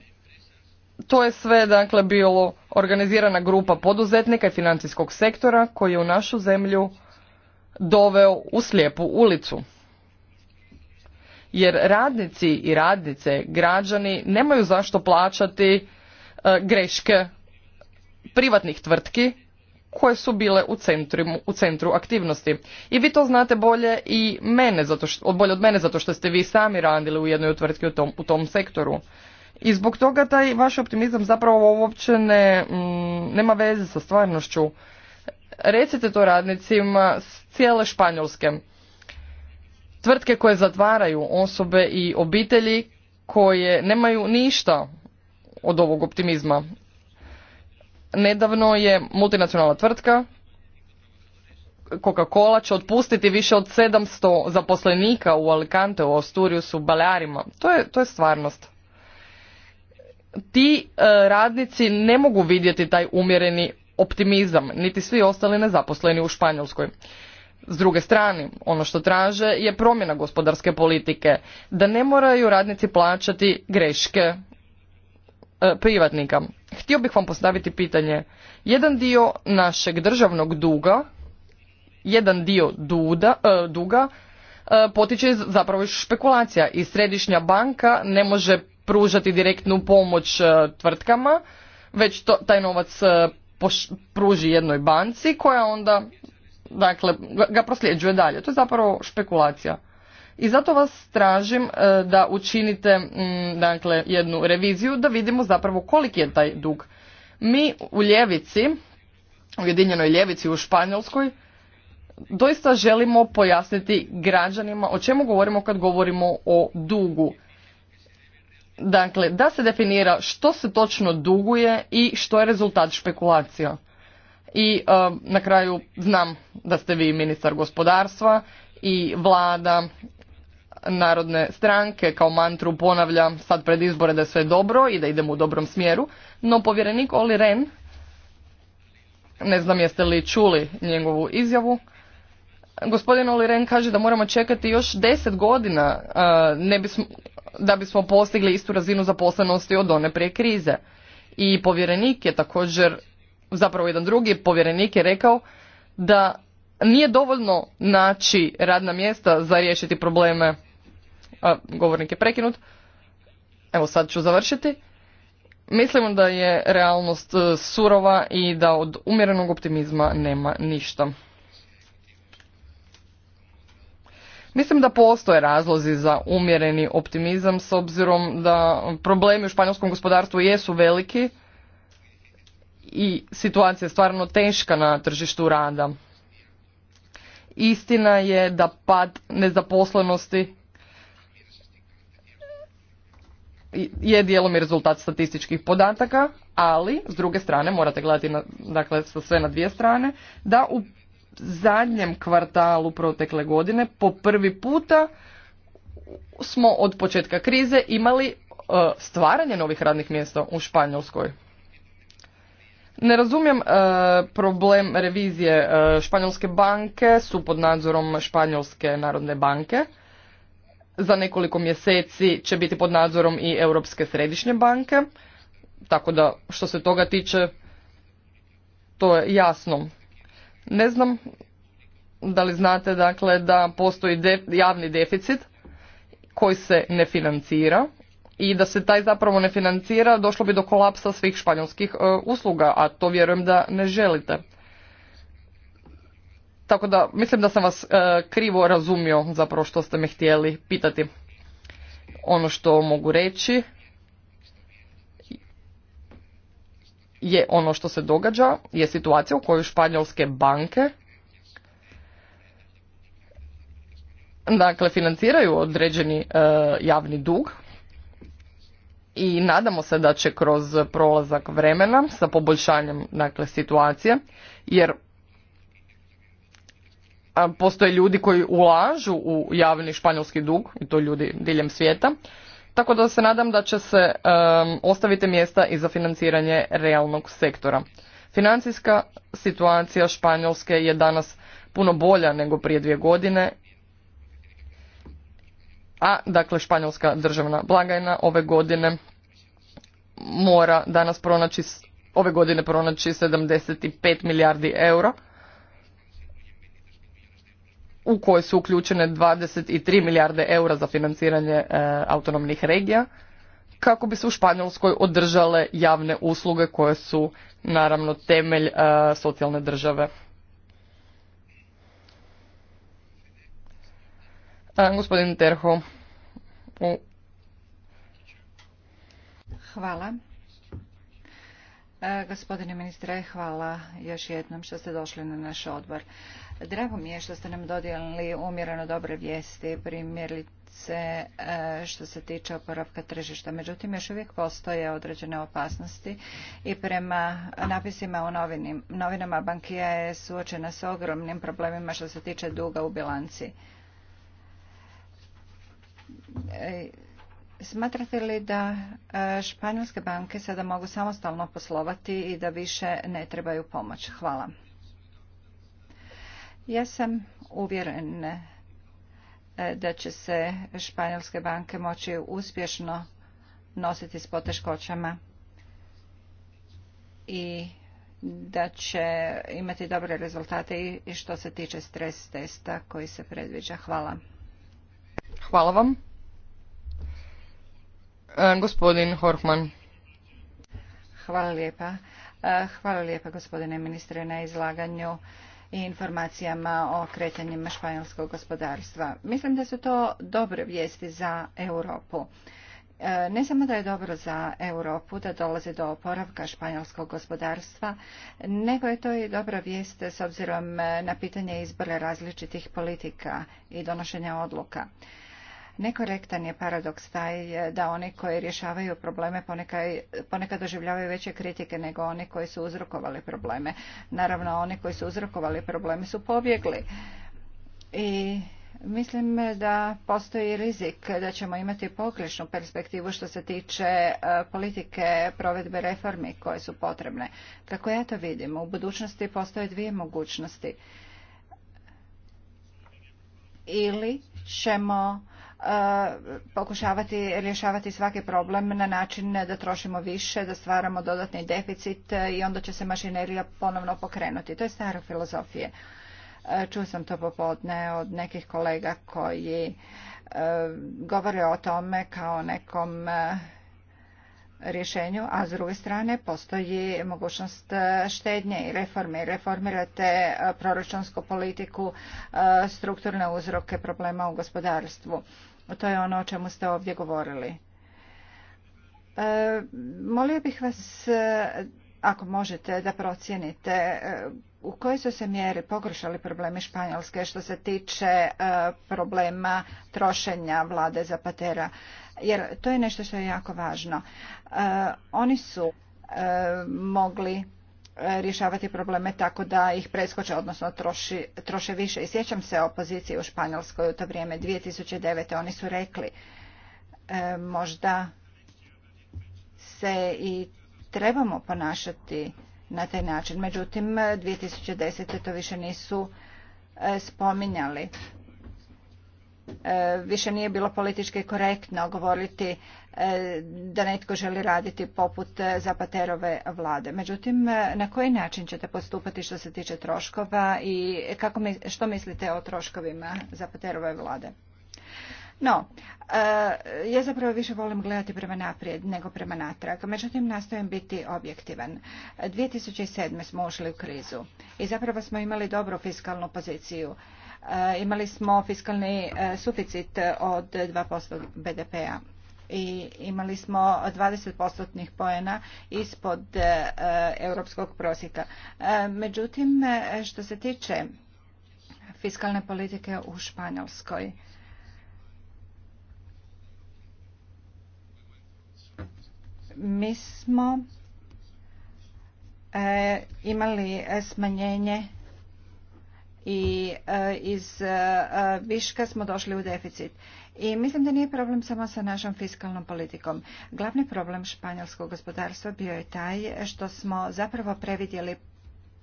Speaker 2: to je sve dakle bilo organizirana grupa poduzetnika i financijskog sektora koji je u našu zemlju doveo u slijepu ulicu. Jer radnici i radnice, građani nemaju zašto plaćati E, greške privatnih tvrtki koje su bile u centru, u centru aktivnosti. I vi to znate bolje i mene, zato što, bolje od mene, zato što ste vi sami radili u jednoj tvrtki u tom, u tom sektoru. I zbog toga taj vaš optimizam zapravo uopće ne, mm, nema veze sa stvarnošću. Recite to radnicima s cijele Španjolske. Tvrtke koje zatvaraju osobe i obitelji koje nemaju ništa od ovog optimizma. Nedavno je multinacionalna tvrtka Coca-Cola će otpustiti više od 700 zaposlenika u Alicante, u u Balearima. To je, to je stvarnost. Ti e, radnici ne mogu vidjeti taj umjereni optimizam, niti svi ostali nezaposleni u Španjolskoj. S druge strane, ono što traže je promjena gospodarske politike, da ne moraju radnici plaćati greške E, privatnika. Htio bih vam postaviti pitanje. Jedan dio našeg državnog duga, jedan dio e, duga e, potiče zapravo špekulacija i središnja banka ne može pružati direktnu pomoć tvrtkama, već to, taj novac pruži jednoj banci koja onda dakle, ga prosljeđuje dalje. To je zapravo špekulacija. I zato vas tražim e, da učinite mm, dakle, jednu reviziju da vidimo zapravo koliki je taj dug. Mi u ljevici, ujedinjenoj ljevici u Španjolskoj, doista želimo pojasniti građanima o čemu govorimo kad govorimo o dugu. Dakle, da se definira što se točno duguje i što je rezultat špekulacija. I e, na kraju znam da ste vi ministar gospodarstva i vlada narodne stranke kao mantru ponavlja sad pred izbore da je sve dobro i da idemo u dobrom smjeru, no povjerenik Oli Ren, ne znam jeste li čuli njegovu izjavu, gospodin Oli Ren kaže da moramo čekati još deset godina e, ne bismo, da bismo postigli istu razinu zaposlenosti od one prije krize. I povjerenik je također, zapravo jedan drugi povjerenik je rekao da nije dovoljno naći radna mjesta za riješiti probleme a, govornik je prekinut. Evo sad ću završiti. Mislim da je realnost e, surova i da od umjerenog optimizma nema ništa. Mislim da postoje razlozi za umjereni optimizam s obzirom da problemi u španjolskom gospodarstvu jesu veliki i situacija je stvarno teška na tržištu rada. Istina je da pad nezaposlenosti je dijelom i rezultat statističkih podataka, ali s druge strane morate gledati dakle, sve na dvije strane, da u zadnjem kvartalu protekle godine po prvi puta smo od početka krize imali e, stvaranje novih radnih mjesta u Španjolskoj. Ne razumijem e, problem revizije e, Španjolske banke su pod nadzorom Španjolske narodne banke za nekoliko mjeseci će biti pod nadzorom i Europske središnje banke, tako da što se toga tiče to je jasno. Ne znam da li znate dakle da postoji javni deficit koji se ne financira i da se taj zapravo ne financira došlo bi do kolapsa svih španjolskih e, usluga, a to vjerujem da ne želite. Tako da mislim da sam vas e, krivo razumio zapravo što ste me htjeli pitati. Ono što mogu reći je ono što se događa, je situacija u kojoj španjolske banke dakle financiraju određeni e, javni dug i nadamo se da će kroz prolazak vremena sa poboljšanjem dakle situacije jer postoje ljudi koji ulažu u javni španjolski dug i to ljudi diljem svijeta tako da se nadam da će se ostaviti mjesta i za financiranje realnog sektora financijska situacija španjolske je danas puno bolja nego prije dvije godine a dakle španjolska državna blagajna ove godine mora danas pronaći ove godine pronaći 75 milijardi eura u koje su uključene 23 milijarde eura za financiranje e, autonomnih regija kako bi se u Španjolskoj održale javne usluge koje su naravno temelj e, socijalne države. E, gospodin Terho. Hvala.
Speaker 3: E, gospodine ministre, hvala još jednom što ste došli na naš odbor. Drago mi je što ste nam dodijelili umjereno dobre vijesti, primjerice e, što se tiče oporavka tržišta. Međutim, još uvijek postoje određene opasnosti i prema napisima u novinama bankija je suočena s ogromnim problemima što se tiče duga u bilanci. E, Smatrate li da e, španjolske banke sada mogu samostalno poslovati i da više ne trebaju pomoć? Hvala. Ja sam uvjeren e, da će se španjolske banke moći uspješno nositi s poteškoćama i da će imati dobre rezultate i što se tiče stres testa koji se predviđa. Hvala.
Speaker 2: Hvala vam. Eh, gospodin
Speaker 3: Hvala lijepa. Eh, hvala lijepa gospodine ministre na izlaganju i informacijama o kretanjima španjolskog gospodarstva. Mislim da su to dobre vijesti za Europu. Eh, ne samo da je dobro za Europu da dolazi do oporavka španjolskog gospodarstva, nego je to i dobra vijest s obzirom na pitanje izbora različitih politika i donošenja odluka. Nekorektan je paradoks taj e, da oni koji rješavaju probleme ponekad, ponekad doživljavaju veće kritike nego oni koji su uzrokovali probleme. Naravno, oni koji su uzrokovali probleme su pobjegli. I Mislim da postoji rizik da ćemo imati pogrešnu perspektivu što se tiče e, politike provedbe reformi koje su potrebne. Kako ja to vidim, u budućnosti postoje dvije mogućnosti. Ili ćemo pokušavati rješavati svaki problem na način da trošimo više, da stvaramo dodatni deficit e, i onda će se mašinerija ponovno pokrenuti. To je stara filozofija. E, čuo sam to popodne od nekih kolega koji e, govore o tome kao nekom rješenju, a s druge strane postoji mogućnost e, štednje i reforme. Reformirate e, proračunsku politiku, e, strukturne uzroke problema u gospodarstvu. To je ono o čemu ste ovdje govorili. Molio bih vas ako možete da procijenite e, u kojoj su se mjeri pogoršali problemi Španjolske što se tiče e, problema trošenja vlade Zapatera, jer to je nešto što je jako važno. E, oni su mogli rješavati probleme tako da ih preskoče, odnosno troše više. I sjećam se opozicije u Španjolskoj u to vrijeme 2009. Oni su rekli možda se i trebamo ponašati na taj način. Međutim, 2010. to više nisu e, spominjali. E, više nije bilo politički korektno govoriti e, da netko želi raditi poput Zapaterove vlade. Međutim, na koji način ćete postupati što se tiče troškova i kako, što mislite o troškovima Zapaterove vlade? No, eh, ja zapravo više volim gledati prema naprijed nego prema natrag. Međutim, nastojem biti objektivan. 2007. smo ušli u krizu i zapravo smo imali dobru fiskalnu poziciju. Eh, imali smo fiskalni eh, suficit od 2% BDP-a i imali smo 20 postotnih poena ispod europskog prosjeka. Međutim, što se tiče fiskalne politike u Španjolskoj, Mi smo e, imali e, smanjenje i e, iz viška smo došli u deficit. I mislim da nije problem samo sa našom fiskalnom politikom. Glavni problem španjolskog gospodarstva bio je taj što smo zapravo previdjeli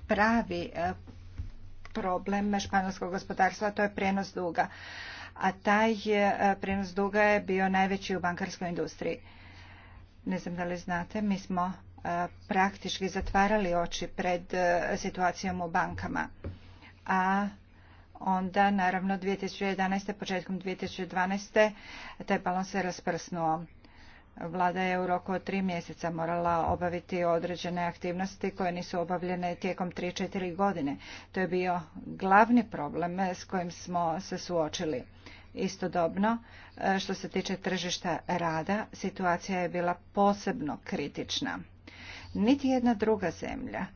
Speaker 3: pravi problem španjolskog gospodarstva, a to je prijenos duga. A taj prijenos duga je bio najveći u bankarskoj industriji. Ne znam da li znate, mi smo e, praktički zatvarali oči pred e, situacijom u bankama. A onda, naravno, 2011. početkom 2012. taj balon se rasprsnuo. Vlada je u roku od tri mjeseca morala obaviti određene aktivnosti koje nisu obavljene tijekom 3-4 godine. To je bio glavni problem s kojim smo se suočili. Istodobno, e, što se tiče tržišta rada, situacija je bila posebno kritična. Niti jedna druga zemlja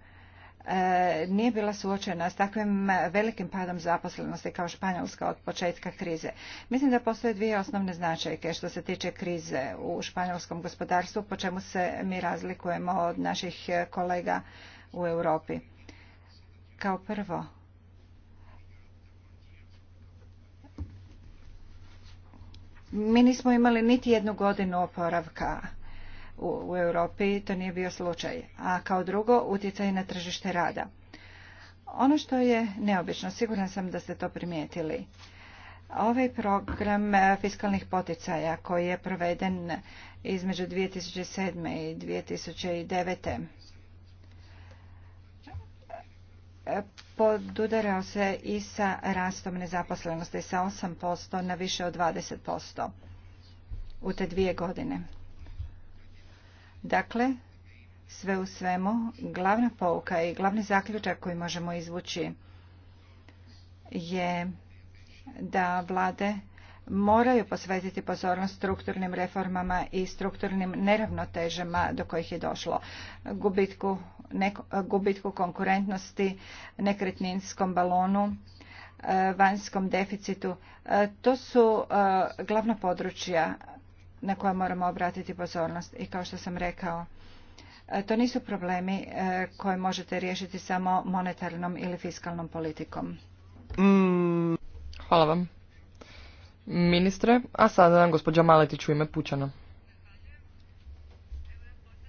Speaker 3: e, nije bila suočena s takvim velikim padom zaposlenosti kao Španjolska od početka krize. Mislim da postoje dvije osnovne značajke što se tiče krize u španjolskom gospodarstvu, po čemu se mi razlikujemo od naših kolega u Europi. Kao prvo, Mi nismo imali niti jednu godinu oporavka u, u Europi, to nije bio slučaj. A kao drugo, utjecaj na tržište rada. Ono što je neobično, siguran sam da ste to primijetili. Ovaj program e, fiskalnih poticaja koji je proveden između 2007. i 2009 podudarao se i sa rastom nezaposlenosti sa 8% na više od 20% u te dvije godine. Dakle, sve u svemu, glavna pouka i glavni zaključak koji možemo izvući je da vlade moraju posvetiti pozornost strukturnim reformama i strukturnim neravnotežama do kojih je došlo, gubitku gubitku konkurentnosti, nekretninskom balonu, e, vanjskom deficitu. E, to su e, glavna područja na koja moramo obratiti pozornost i kao što sam rekao, to nisu problemi koje možete riješiti samo monetarnom ili fiskalnom politikom.
Speaker 2: Mm. hvala vam. Ministre, a sada gospođa Maletić u ime Pučana.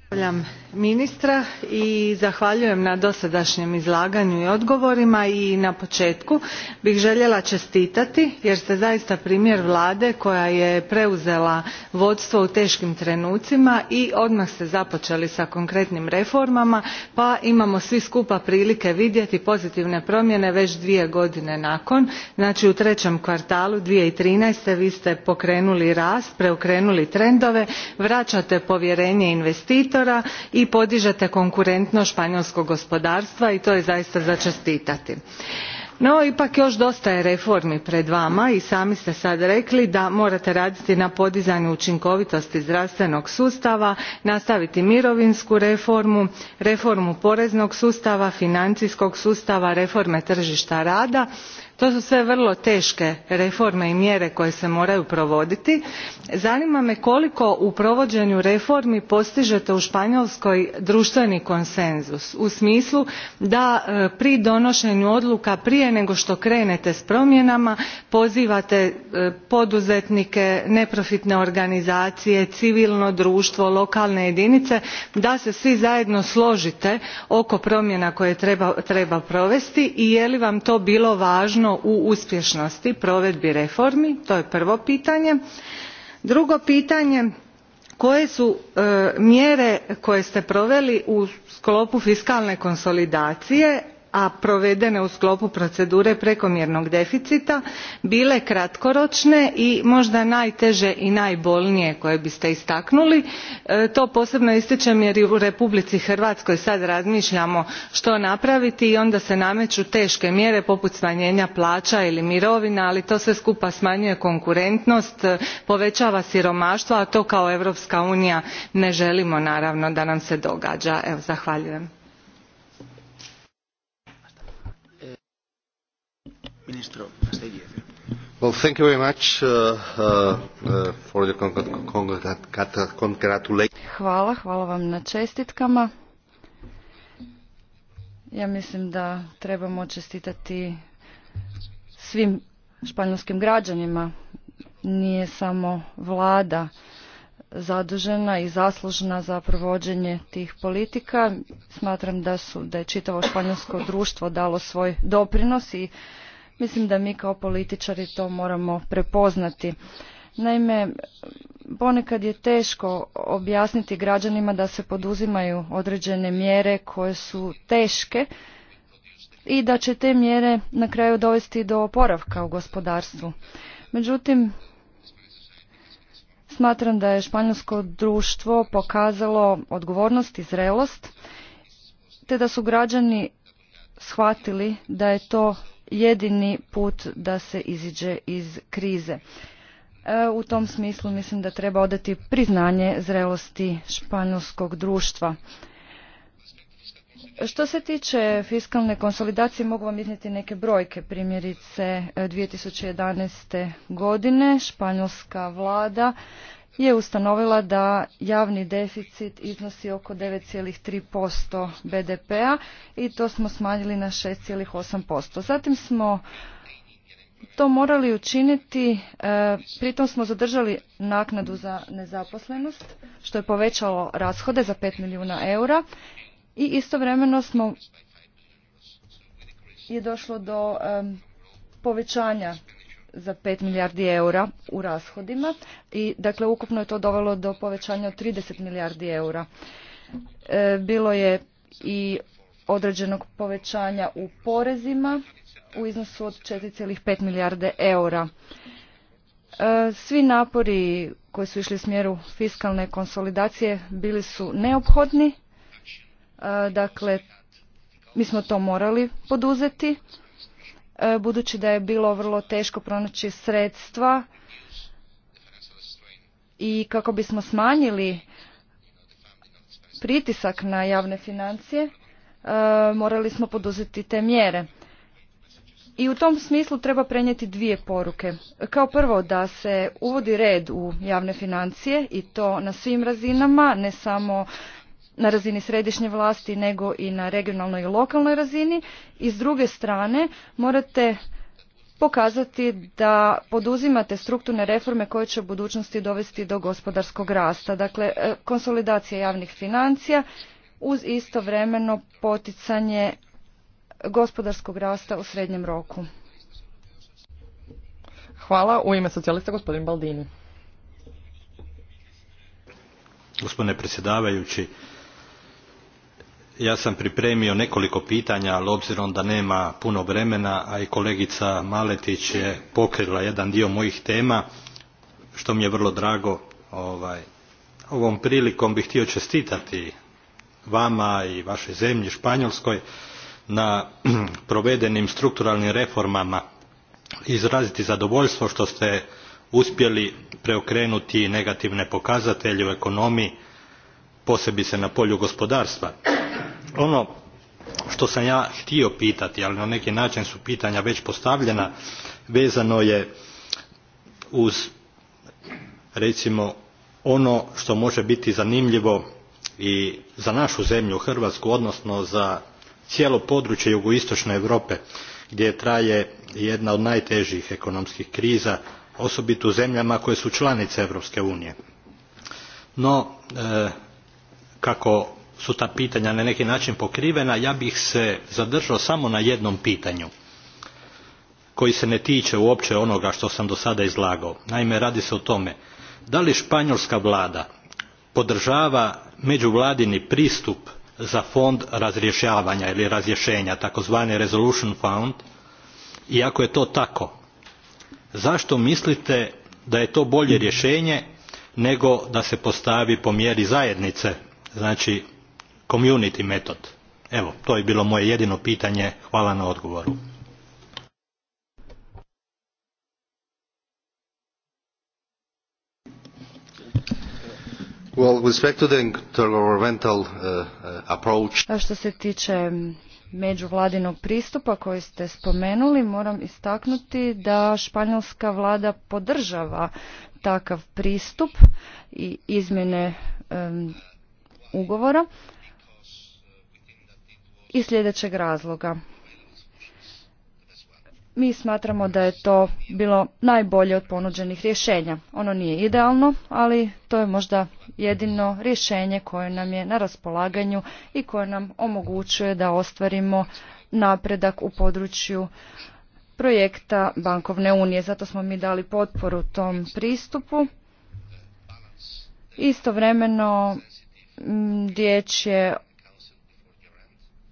Speaker 2: Pozdravljam ministra
Speaker 4: i zahvaljujem na dosadašnjem izlaganju i odgovorima i na početku bih željela čestitati jer ste zaista primjer vlade koja je preuzela vodstvo u teškim trenucima i odmah ste započeli sa konkretnim reformama pa imamo svi skupa prilike vidjeti pozitivne promjene već dvije godine nakon. Znači u trećem kvartalu 2013. vi ste pokrenuli rast, preokrenuli trendove, vraćate povjerenje investitora sektora i podižete konkurentnost španjolskog gospodarstva i to je zaista za čestitati no ipak još dosta je reformi pred vama i sami ste sad rekli da morate raditi na podizanju učinkovitosti zdravstvenog sustava nastaviti mirovinsku reformu reformu poreznog sustava financijskog sustava reforme tržišta rada to su sve vrlo teške reforme i mjere koje se moraju provoditi zanima me koliko u provođenju reformi postižete u španjolskoj društveni konsenzus u smislu da e, pri donošenju odluka prije nego što krenete s promjenama pozivate e, poduzetnike neprofitne organizacije civilno društvo lokalne jedinice da se svi zajedno složite oko promjena koje treba provesti i je li vam to bilo važno u uspješnosti provedbi reformi to je prvo pitanje drugo pitanje koje su e, mjere koje ste proveli u sklopu fiskalne konsolidacije a provedene u sklopu procedure prekomjernog deficita bile kratkoročne i možda najteže i najbolnije koje biste istaknuli e, to posebno ističem jer i u republici hrvatskoj sad razmišljamo što napraviti i onda se nameću teške mjere poput smanjenja plaća ili mirovina ali to sve skupa smanjuje konkurentnost e, povećava siromaštvo a to kao europska unija ne želimo naravno da nam se događa. Evo, zahvaljujem.
Speaker 1: Ministro
Speaker 5: Hvala, hvala vam na čestitkama. Ja mislim da trebamo čestitati svim španjolskim građanima. Nije samo vlada zadužena i zaslužna za provođenje tih politika. Smatram da su da je čitavo španjolsko društvo dalo svoj doprinos i Mislim da mi kao političari to moramo prepoznati. Naime, ponekad je teško objasniti građanima da se poduzimaju određene mjere koje su teške i da će te mjere na kraju dovesti do oporavka u gospodarstvu. Međutim, smatram da je španjolsko društvo pokazalo odgovornost i zrelost, te da su građani shvatili da je to jedini put da se iziđe iz krize. E, u tom smislu mislim da treba odati priznanje zrelosti španjolskog društva. Što se tiče fiskalne konsolidacije, mogu vam iznijeti neke brojke. Primjerice, 2011. E, godine španjolska vlada je ustanovila da javni deficit iznosi oko 9,3% BDP-a i to smo smanjili na 6,8%. Zatim smo to morali učiniti, e, pritom smo zadržali naknadu za nezaposlenost, što je povećalo rashode za 5 milijuna eura i istovremeno smo je došlo do e, povećanja za 5 milijardi eura u rashodima i dakle ukupno je to dovelo do povećanja od 30 milijardi eura. E, bilo je i određenog povećanja u porezima u iznosu od 4,5 milijarde eura. E, svi napori koji su išli u smjeru fiskalne konsolidacije bili su neophodni. E, dakle, mi smo to morali poduzeti E, budući da je bilo vrlo teško pronaći sredstva i kako bismo smanjili pritisak na javne financije, e, morali smo poduzeti te mjere. I u tom smislu treba prenijeti dvije poruke. Kao prvo da se uvodi red u javne financije i to na svim razinama, ne samo na razini središnje vlasti nego i na regionalnoj i lokalnoj razini i s druge strane morate pokazati da poduzimate strukturne reforme koje će u budućnosti dovesti do gospodarskog rasta. Dakle, e, konsolidacija javnih financija uz istovremeno poticanje gospodarskog rasta u srednjem roku.
Speaker 2: Hvala. U ime socijalista gospodin Baldini.
Speaker 1: Gospodine predsjedavajući, ja sam pripremio nekoliko pitanja ali obzirom da nema puno vremena a i kolegica maletić je pokrila jedan dio mojih tema što mi je vrlo drago ovaj, ovom prilikom bih htio čestitati vama i vašoj zemlji španjolskoj na provedenim strukturalnim reformama izraziti zadovoljstvo što ste uspjeli preokrenuti negativne pokazatelje u ekonomiji posebice na polju gospodarstva ono što sam ja htio pitati ali na neki način su pitanja već postavljena vezano je uz recimo ono što može biti zanimljivo i za našu zemlju Hrvatsku odnosno za cijelo područje jugoistočne Europe gdje traje jedna od najtežih ekonomskih kriza osobito u zemljama koje su članice Europske unije. No, e, kako su ta pitanja na neki način pokrivena ja bih se zadržao samo na jednom pitanju koji se ne tiče uopće onoga što sam do sada izlagao naime radi se o tome da li španjolska vlada podržava međuvladini pristup za fond razrješavanja ili razrješenja takozvani resolution fund i ako je to tako zašto mislite da je to bolje rješenje nego da se postavi po mjeri zajednice znači community method. Evo, to je bilo moje jedino pitanje. Hvala na odgovoru. Well, respect to the intergovernmental uh, uh, approach. A što se
Speaker 5: tiče međuvladinog pristupa koji ste spomenuli, moram istaknuti da španjolska vlada podržava takav pristup i izmjene um, ugovora iz sljedećeg razloga. Mi smatramo da je to bilo najbolje od ponuđenih rješenja. Ono nije idealno, ali to je možda jedino rješenje koje nam je na raspolaganju i koje nam omogućuje da ostvarimo napredak u području projekta bankovne unije. Zato smo mi dali potporu tom pristupu. Istovremeno riječ je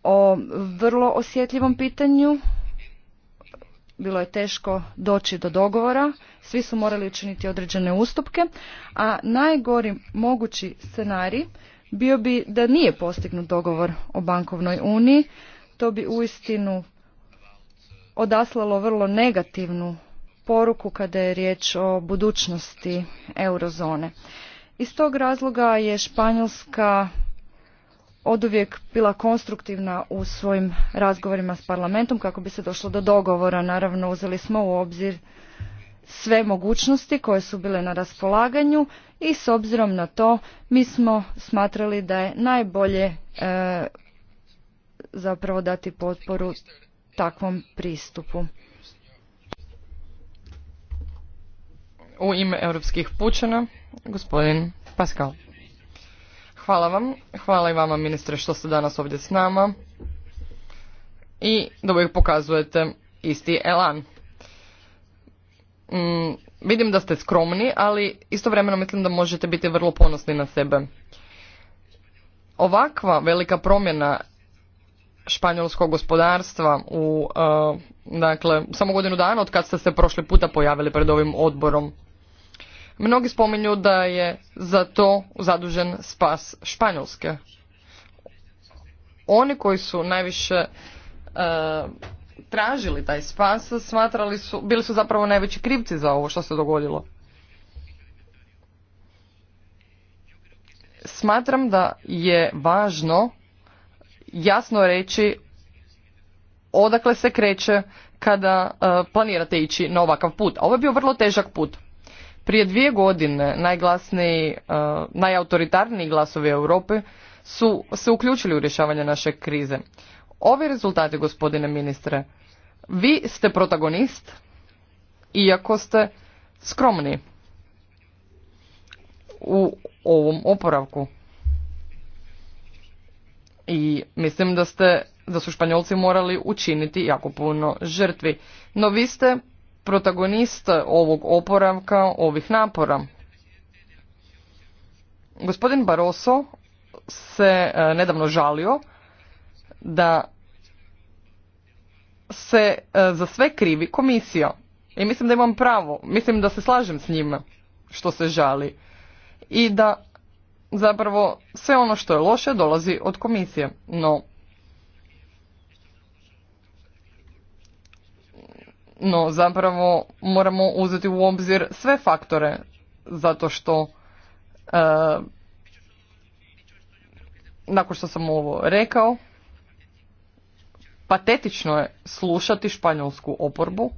Speaker 5: o vrlo osjetljivom pitanju. Bilo je teško doći do dogovora, svi su morali učiniti određene ustupke, a najgori mogući scenarij bio bi da nije postignut dogovor o bankovnoj uniji. To bi uistinu odaslalo vrlo negativnu poruku kada je riječ o budućnosti eurozone. Iz tog razloga je Španjolska oduvijek bila konstruktivna u svojim razgovorima s parlamentom kako bi se došlo do dogovora. Naravno uzeli smo u obzir sve mogućnosti koje su bile na raspolaganju i s obzirom na to mi smo smatrali da je najbolje e, zapravo dati potporu takvom pristupu.
Speaker 2: U ime europskih pučana gospodin Pascal. Hvala vam. Hvala i vama, ministre, što ste danas ovdje s nama. I da uvijek pokazujete isti elan. Mm, vidim da ste skromni, ali istovremeno mislim da možete biti vrlo ponosni na sebe. Ovakva velika promjena španjolskog gospodarstva u, e, dakle, samo godinu dana od kad ste se prošli puta pojavili pred ovim odborom Mnogi spominju da je za to zadužen spas Španjolske. Oni koji su najviše e, tražili taj spas, smatrali su, bili su zapravo najveći krivci za ovo što se dogodilo. Smatram da je važno jasno reći odakle se kreće kada e, planirate ići na ovakav put. A ovo je bio vrlo težak put. Prije dvije godine najglasniji, e, najautoritarniji glasovi Europe su se uključili u rješavanje naše krize. Ovi rezultati, gospodine ministre, vi ste protagonist, iako ste skromni u ovom oporavku. I mislim da ste da su Španjolci morali učiniti jako puno žrtvi. No vi ste protagonist ovog oporavka, ovih napora. Gospodin Barroso se e, nedavno žalio da se e, za sve krivi komisija. I mislim da imam pravo, mislim da se slažem s njim što se žali. I da zapravo sve ono što je loše dolazi od komisije. No, no zapravo moramo uzeti u obzir sve faktore zato što e, nakon što sam ovo rekao patetično je slušati španjolsku oporbu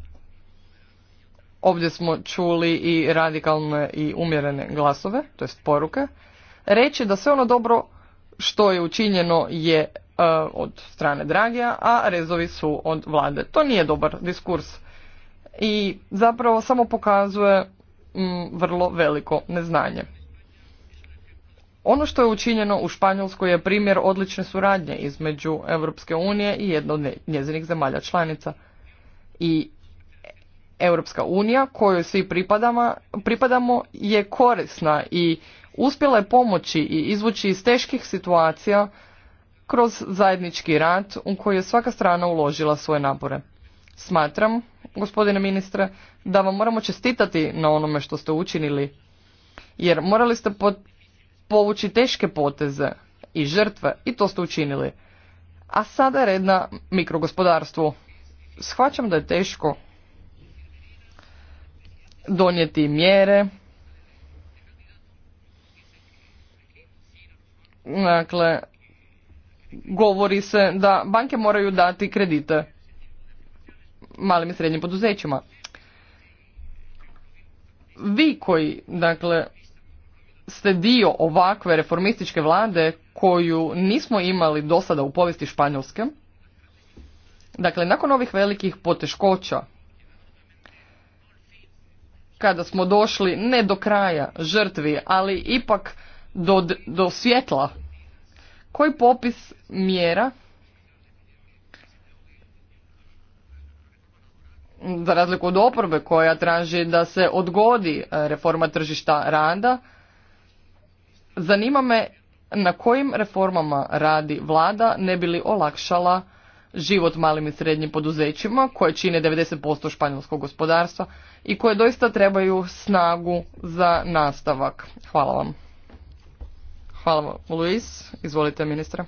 Speaker 2: ovdje smo čuli i radikalne i umjerene glasove to jest poruke reći da sve ono dobro što je učinjeno je e, od strane Dragija a rezovi su od vlade to nije dobar diskurs i zapravo samo pokazuje mm, vrlo veliko neznanje. Ono što je učinjeno u Španjolskoj je primjer odlične suradnje između Europske unije i jedno od njezinih zemalja članica. I Europska unija kojoj svi pripadamo je korisna i uspjela je pomoći i izvući iz teških situacija kroz zajednički rad u koji je svaka strana uložila svoje napore. Smatram, gospodine ministre, da vam moramo čestitati na onome što ste učinili, jer morali ste povući teške poteze i žrtve i to ste učinili. A sada je red na mikrogospodarstvu. Shvaćam da je teško donijeti mjere, dakle, govori se da banke moraju dati kredite malim i srednjim poduzećima. Vi koji, dakle, ste dio ovakve reformističke vlade koju nismo imali do sada u povijesti Španjolske, dakle, nakon ovih velikih poteškoća, kada smo došli ne do kraja žrtvi, ali ipak do, do svjetla, koji popis mjera za razliku od oporbe koja traži da se odgodi e, reforma tržišta rada, zanima me na kojim reformama radi vlada ne bi li olakšala život malim i srednjim poduzećima koje čine 90% španjolskog gospodarstva i koje doista trebaju snagu za nastavak. Hvala vam. Hvala vam, Luis. Izvolite, ministra.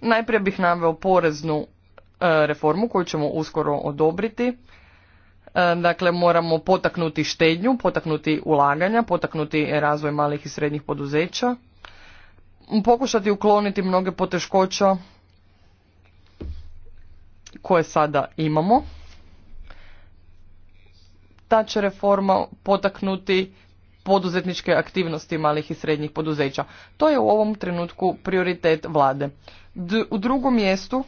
Speaker 2: Najprije bih naveo poreznu e, reformu koju ćemo uskoro odobriti. E, dakle, moramo potaknuti štednju, potaknuti ulaganja, potaknuti razvoj malih i srednjih poduzeća, pokušati ukloniti mnoge poteškoća koje sada imamo. Ta će reforma potaknuti poduzetničke aktivnosti malih i srednjih poduzeća. To je u ovom trenutku prioritet vlade. D u drugom mjestu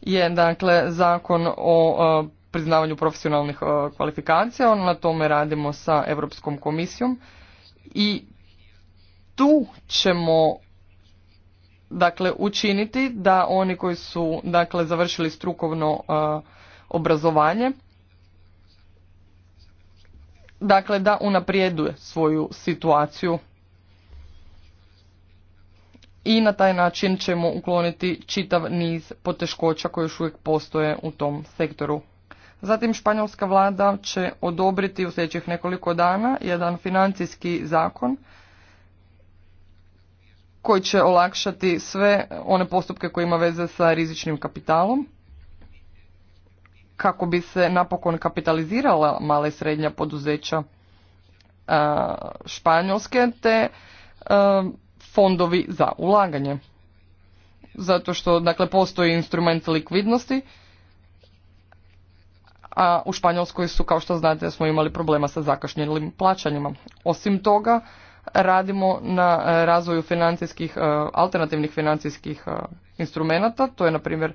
Speaker 2: je dakle zakon o e, priznavanju profesionalnih e, kvalifikacija. On na tome radimo sa Europskom komisijom i tu ćemo dakle učiniti da oni koji su dakle završili strukovno e, obrazovanje dakle da unaprijeduje svoju situaciju i na taj način ćemo ukloniti čitav niz poteškoća koje još uvijek postoje u tom sektoru. Zatim španjolska vlada će odobriti u sljedećih nekoliko dana jedan financijski zakon koji će olakšati sve one postupke koje ima veze sa rizičnim kapitalom kako bi se napokon kapitalizirala male i srednja poduzeća e, Španjolske te e, fondovi za ulaganje. Zato što dakle, postoji instrument likvidnosti, a u Španjolskoj su, kao što znate, smo imali problema sa zakašnjenim plaćanjima. Osim toga, radimo na razvoju financijskih, e, alternativnih financijskih instrumenata, to je, na primjer,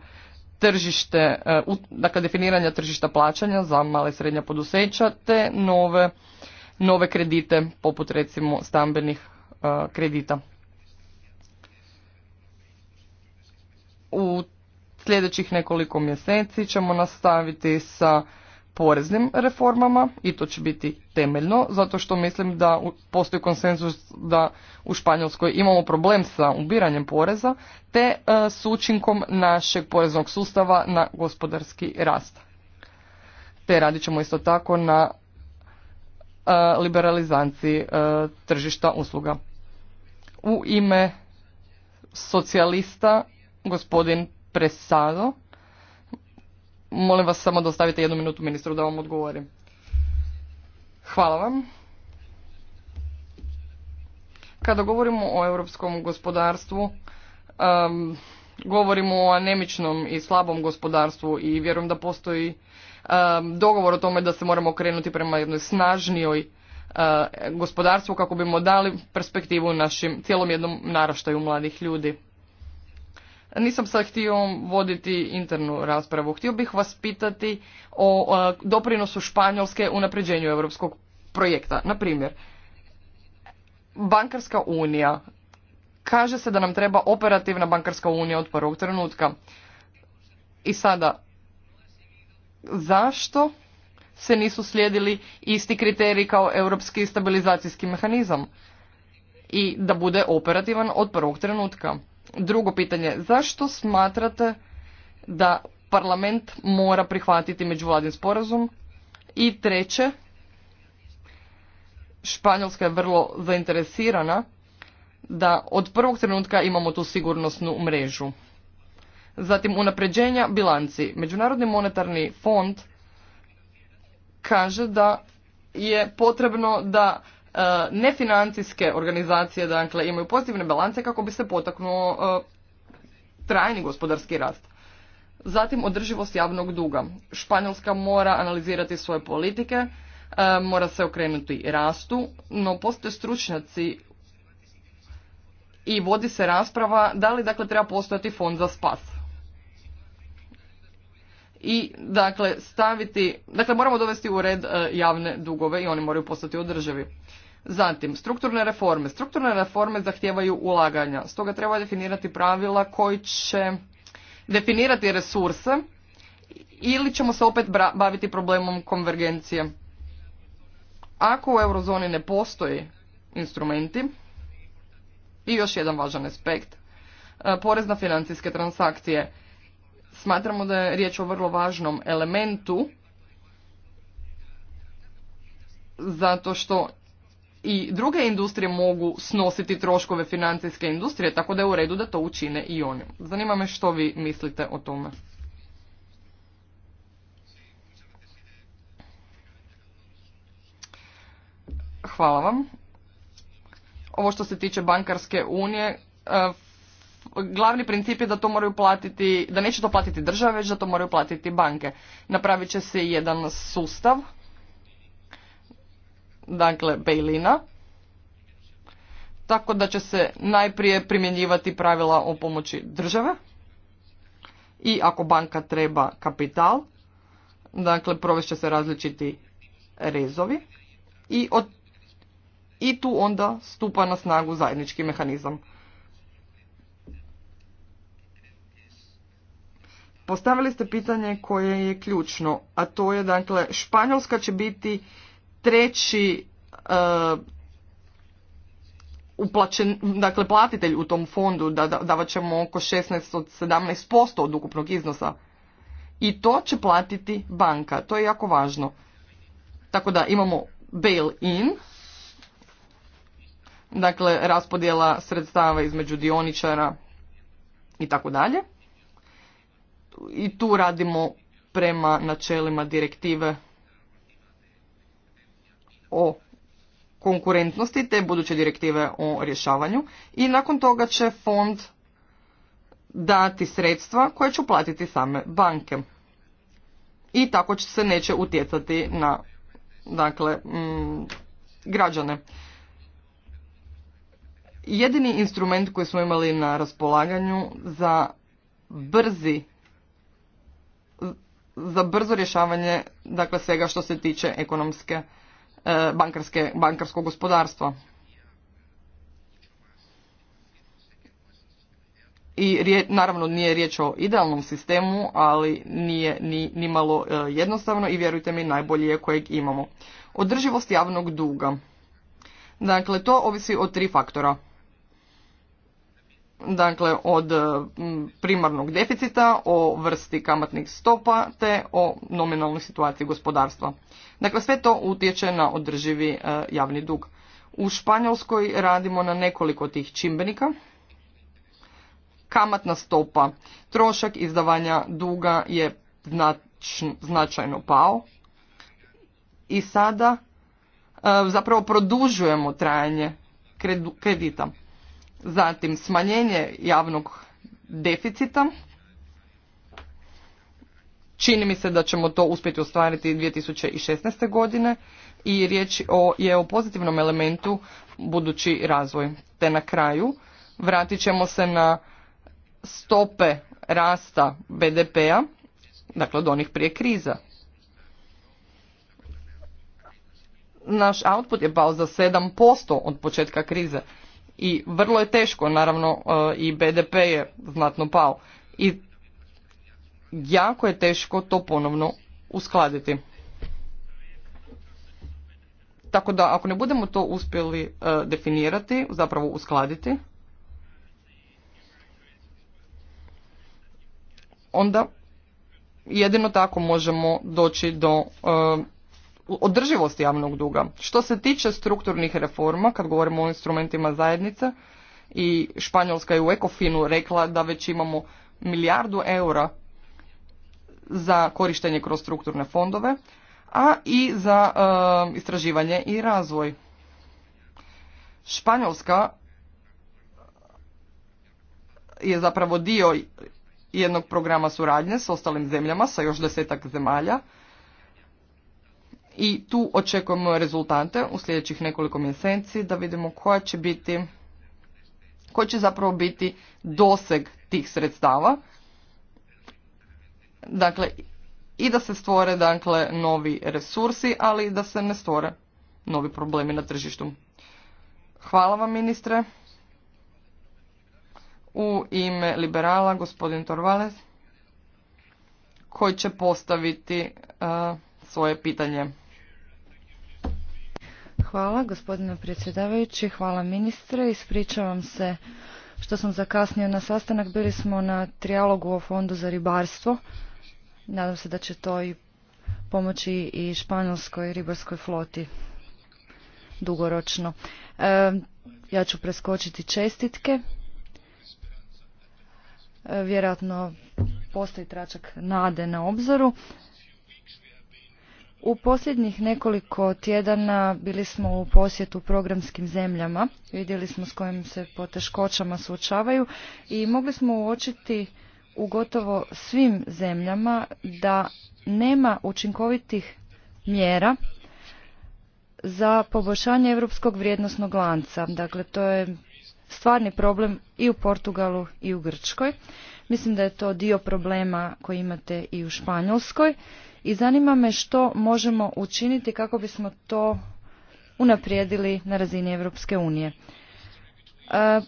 Speaker 2: tržište, e, dakle definiranja tržišta plaćanja za male i srednja poduzeća te nove, nove kredite poput recimo stambenih e, kredita. U sljedećih nekoliko mjeseci ćemo nastaviti sa poreznim reformama i to će biti temeljno zato što mislim da postoji konsenzus da u Španjolskoj imamo problem sa ubiranjem poreza te e, s učinkom našeg poreznog sustava na gospodarski rast. Te radit ćemo isto tako na e, liberalizaciji e, tržišta usluga. U ime socijalista gospodin Presado Molim vas samo da ostavite jednu minutu ministru da vam odgovori. Hvala vam. Kada govorimo o europskom gospodarstvu, um, govorimo o anemičnom i slabom gospodarstvu i vjerujem da postoji um, dogovor o tome da se moramo krenuti prema jednoj snažnijoj e, gospodarstvu kako bismo dali perspektivu našim cijelom jednom naraštaju mladih ljudi. Nisam sad htio voditi internu raspravu. Htio bih vas pitati o doprinosu Španjolske u napređenju europskog projekta. Na primjer, bankarska unija. Kaže se da nam treba operativna bankarska unija od prvog trenutka. I sada, zašto se nisu slijedili isti kriteriji kao europski stabilizacijski mehanizam? I da bude operativan od prvog trenutka. Drugo pitanje, zašto smatrate da parlament mora prihvatiti međuvladin sporazum? I treće, Španjolska je vrlo zainteresirana da od prvog trenutka imamo tu sigurnosnu mrežu. Zatim unapređenja bilanci. Međunarodni monetarni fond kaže da je potrebno da Eh, nefinancijske organizacije dakle imaju pozitivne balance kako bi se potaknuo eh, trajni gospodarski rast. Zatim održivost javnog duga. Španjolska mora analizirati svoje politike, eh, mora se okrenuti rastu, no postoje stručnjaci i vodi se rasprava da li dakle treba postojati fond za spas. I dakle staviti, dakle moramo dovesti u red javne dugove i oni moraju postati održivi. Zatim, strukturne reforme. Strukturne reforme zahtijevaju ulaganja, stoga treba definirati pravila koji će definirati resurse ili ćemo se opet baviti problemom konvergencije. Ako u eurozoni ne postoji instrumenti, i još jedan važan aspekt, e, porez na financijske transakcije. Smatramo da je riječ o vrlo važnom elementu zato što i druge industrije mogu snositi troškove financijske industrije, tako da je u redu da to učine i oni. Zanima me što vi mislite o tome. Hvala vam. Ovo što se tiče bankarske unije, e, glavni princip je da to moraju platiti, da neće to platiti države, već da to moraju platiti banke. Napravit će se jedan sustav dakle Bejlina, tako da će se najprije primjenjivati pravila o pomoći države i ako banka treba kapital, dakle će se različiti rezovi i, od, i tu onda stupa na snagu zajednički mehanizam. Postavili ste pitanje koje je ključno, a to je dakle Španjolska će biti treći e, dakle platitelj u tom fondu da, da, davat ćemo oko 16 od 17% od ukupnog iznosa. I to će platiti banka, to je jako važno. Tako da imamo bail-in, dakle raspodjela sredstava između dioničara i tako dalje. I tu radimo prema načelima direktive o konkurentnosti te buduće direktive o rješavanju i nakon toga će fond dati sredstva koje će platiti same banke. I tako će se neće utjecati na dakle, mm, građane. Jedini instrument koji smo imali na raspolaganju za brzi za brzo rješavanje dakle svega što se tiče ekonomske E, bankarske, bankarskog gospodarstva. I naravno nije riječ o idealnom sistemu, ali nije ni, ni malo e, jednostavno i vjerujte mi najbolje je kojeg imamo. Održivost javnog duga. Dakle, to ovisi o tri faktora dakle od e, primarnog deficita, o vrsti kamatnih stopa te o nominalnoj situaciji gospodarstva. Dakle, sve to utječe na održivi e, javni dug. U Španjolskoj radimo na nekoliko tih čimbenika. Kamatna stopa, trošak izdavanja duga je značajno pao i sada e, zapravo produžujemo trajanje kredita zatim smanjenje javnog deficita. Čini mi se da ćemo to uspjeti ostvariti 2016. godine i riječ je o pozitivnom elementu budući razvoj. Te na kraju vratit ćemo se na stope rasta BDP-a, dakle od onih prije kriza. Naš output je pao za 7% od početka krize i vrlo je teško, naravno e, i BDP je znatno pao i jako je teško to ponovno uskladiti. Tako da ako ne budemo to uspjeli e, definirati, zapravo uskladiti, onda jedino tako možemo doći do e, Održivost javnog duga. Što se tiče strukturnih reforma, kad govorimo o instrumentima zajednice, i Španjolska je u Ekofinu rekla da već imamo milijardu eura za korištenje kroz strukturne fondove, a i za eh, istraživanje i razvoj. Španjolska je zapravo dio jednog programa suradnje s ostalim zemljama, sa još desetak zemalja, i tu očekujemo rezultate u sljedećih nekoliko mjeseci da vidimo koja će biti, koji će zapravo biti doseg tih sredstava. Dakle, i da se stvore dakle, novi resursi, ali i da se ne stvore novi problemi na tržištu. Hvala vam ministre. U ime liberala gospodin Torvales koji će postaviti eh, svoje pitanje.
Speaker 5: Hvala gospodine predsjedavajući, hvala ministre. Ispričavam se što sam zakasnio na sastanak. Bili smo na trijalogu o fondu za ribarstvo. Nadam se da će to i pomoći i španjolskoj ribarskoj floti dugoročno. E, ja ću preskočiti čestitke. E, vjerojatno postoji tračak nade na obzoru. U posljednjih nekoliko tjedana bili smo u posjetu programskim zemljama, vidjeli smo s kojim se poteškoćama suočavaju i mogli smo uočiti u gotovo svim zemljama da nema učinkovitih mjera za poboljšanje europskog vrijednosnog lanca. Dakle, to je stvarni problem i u Portugalu i u Grčkoj Mislim da je to dio problema koji imate i u Španjolskoj i zanima me što možemo učiniti kako bismo to unaprijedili na razini Europske unije. E,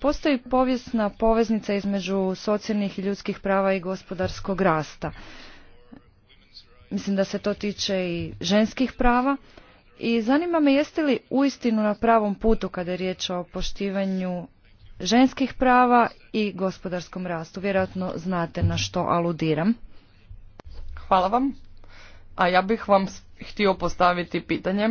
Speaker 5: postoji povijesna poveznica između socijalnih i ljudskih prava i gospodarskog rasta. Mislim da se to tiče i ženskih prava. I zanima me jeste li uistinu na pravom putu kada je riječ o poštivanju ženskih prava i gospodarskom rastu. Vjerojatno znate na što aludiram.
Speaker 2: Hvala vam. A ja bih vam htio postaviti pitanje.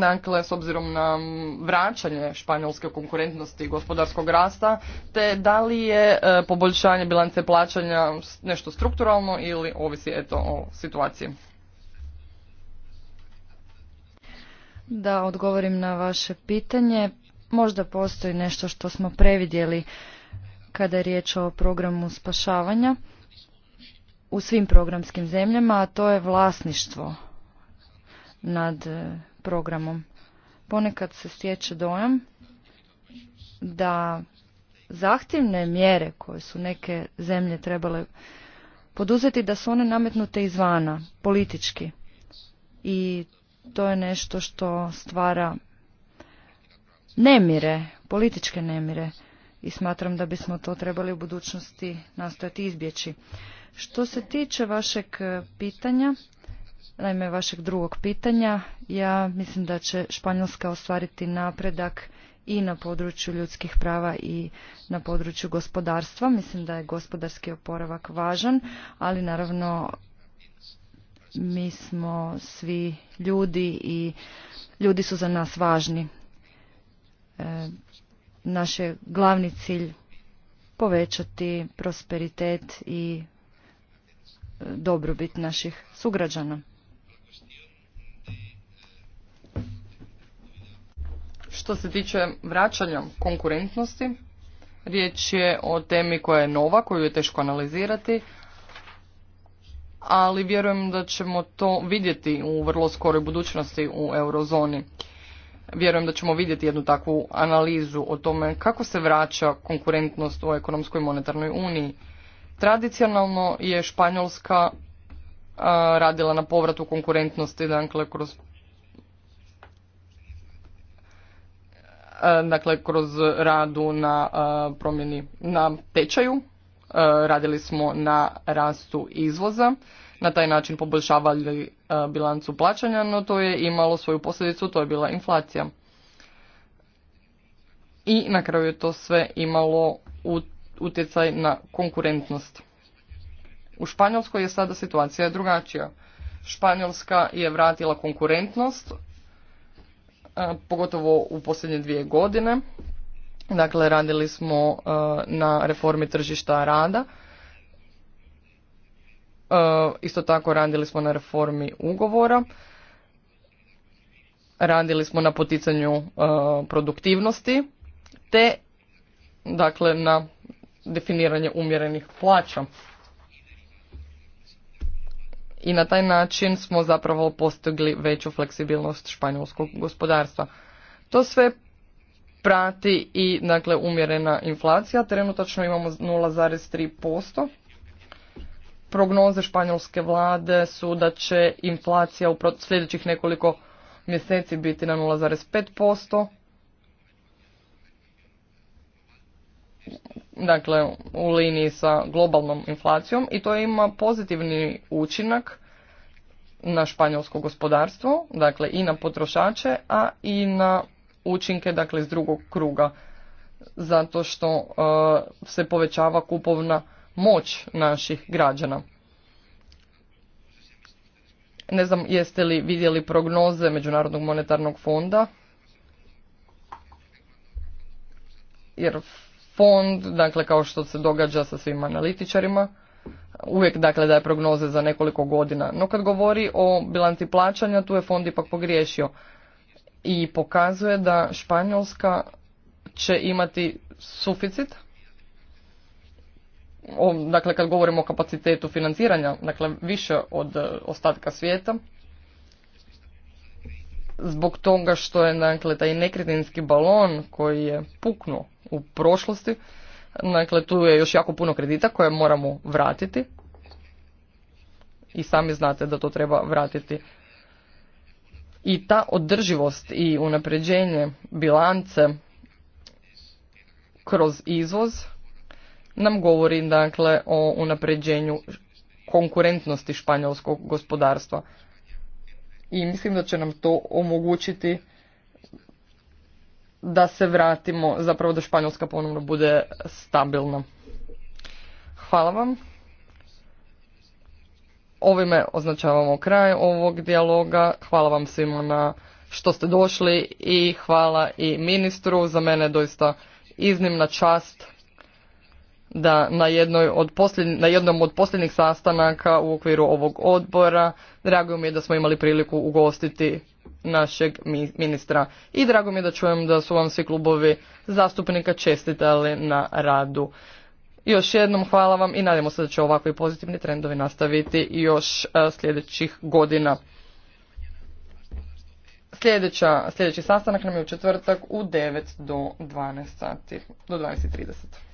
Speaker 2: Dakle, s obzirom na vraćanje španjolske konkurentnosti i gospodarskog rasta, te da li je e, poboljšanje bilance plaćanja nešto strukturalno ili ovisi eto o situaciji?
Speaker 5: Da odgovorim na vaše pitanje možda postoji nešto što smo previdjeli kada je riječ o programu spašavanja u svim programskim zemljama, a to je vlasništvo nad e, programom. Ponekad se stječe dojam da zahtjevne mjere koje su neke zemlje trebale poduzeti da su one nametnute izvana, politički. I to je nešto što stvara nemire, političke nemire i smatram da bismo to trebali u budućnosti nastojati izbjeći. Što se tiče vašeg pitanja, naime vašeg drugog pitanja, ja mislim da će Španjolska ostvariti napredak i na području ljudskih prava i na području gospodarstva. Mislim da je gospodarski oporavak važan, ali naravno mi smo svi ljudi i ljudi su za nas važni. E, naš je glavni cilj povećati prosperitet i e, dobrobit naših sugrađana.
Speaker 2: Što se tiče vraćanja konkurentnosti, riječ je o temi koja je nova, koju je teško analizirati, ali vjerujem da ćemo to vidjeti u vrlo skoroj budućnosti u eurozoni. Vjerujem da ćemo vidjeti jednu takvu analizu o tome kako se vraća konkurentnost u ekonomskoj monetarnoj uniji. Tradicionalno je Španjolska radila na povratu konkurentnosti, dakle kroz dakle kroz radu na promjeni na tečaju, radili smo na rastu izvoza na taj način poboljšavali e, bilancu plaćanja, no to je imalo svoju posljedicu, to je bila inflacija. I na kraju je to sve imalo utjecaj na konkurentnost. U Španjolskoj je sada situacija drugačija. Španjolska je vratila konkurentnost, e, pogotovo u posljednje dvije godine. Dakle, radili smo e, na reformi tržišta rada E, isto tako radili smo na reformi ugovora, radili smo na poticanju e, produktivnosti, te dakle na definiranje umjerenih plaća. I na taj način smo zapravo postigli veću fleksibilnost španjolskog gospodarstva. To sve prati i dakle umjerena inflacija, trenutačno imamo 0,3% prognoze španjolske vlade su da će inflacija u sljedećih nekoliko mjeseci biti na 0,5%. Dakle, u liniji sa globalnom inflacijom i to ima pozitivni učinak na španjolsko gospodarstvo, dakle i na potrošače, a i na učinke dakle iz drugog kruga zato što e, se povećava kupovna moć naših građana. Ne znam jeste li vidjeli prognoze Međunarodnog monetarnog fonda, jer fond, dakle kao što se događa sa svim analitičarima, uvijek dakle daje prognoze za nekoliko godina. No kad govori o bilanci plaćanja, tu je fond ipak pogriješio i pokazuje da Španjolska će imati suficit dakle kad govorimo o kapacitetu financiranja, dakle više od e, ostatka svijeta, zbog toga što je dakle, taj nekretninski balon koji je puknuo u prošlosti, dakle tu je još jako puno kredita koje moramo vratiti i sami znate da to treba vratiti. I ta održivost i unapređenje bilance kroz izvoz nam govori dakle o unapređenju konkurentnosti španjolskog gospodarstva. I mislim da će nam to omogućiti da se vratimo, zapravo da Španjolska ponovno bude stabilna. Hvala vam. Ovime označavamo kraj ovog dijaloga. Hvala vam svima na što ste došli i hvala i ministru. Za mene je doista iznimna čast da na, jednoj od na jednom od posljednjih sastanaka u okviru ovog odbora drago mi je da smo imali priliku ugostiti našeg ministra i drago mi je da čujem da su vam svi klubovi zastupnika čestitali na radu. Još jednom hvala vam i nadamo se da će ovakvi pozitivni trendovi nastaviti još e, sljedećih godina. Sljedeća, sljedeći sastanak nam je u četvrtak u 9 do 12 sati, do 12.30.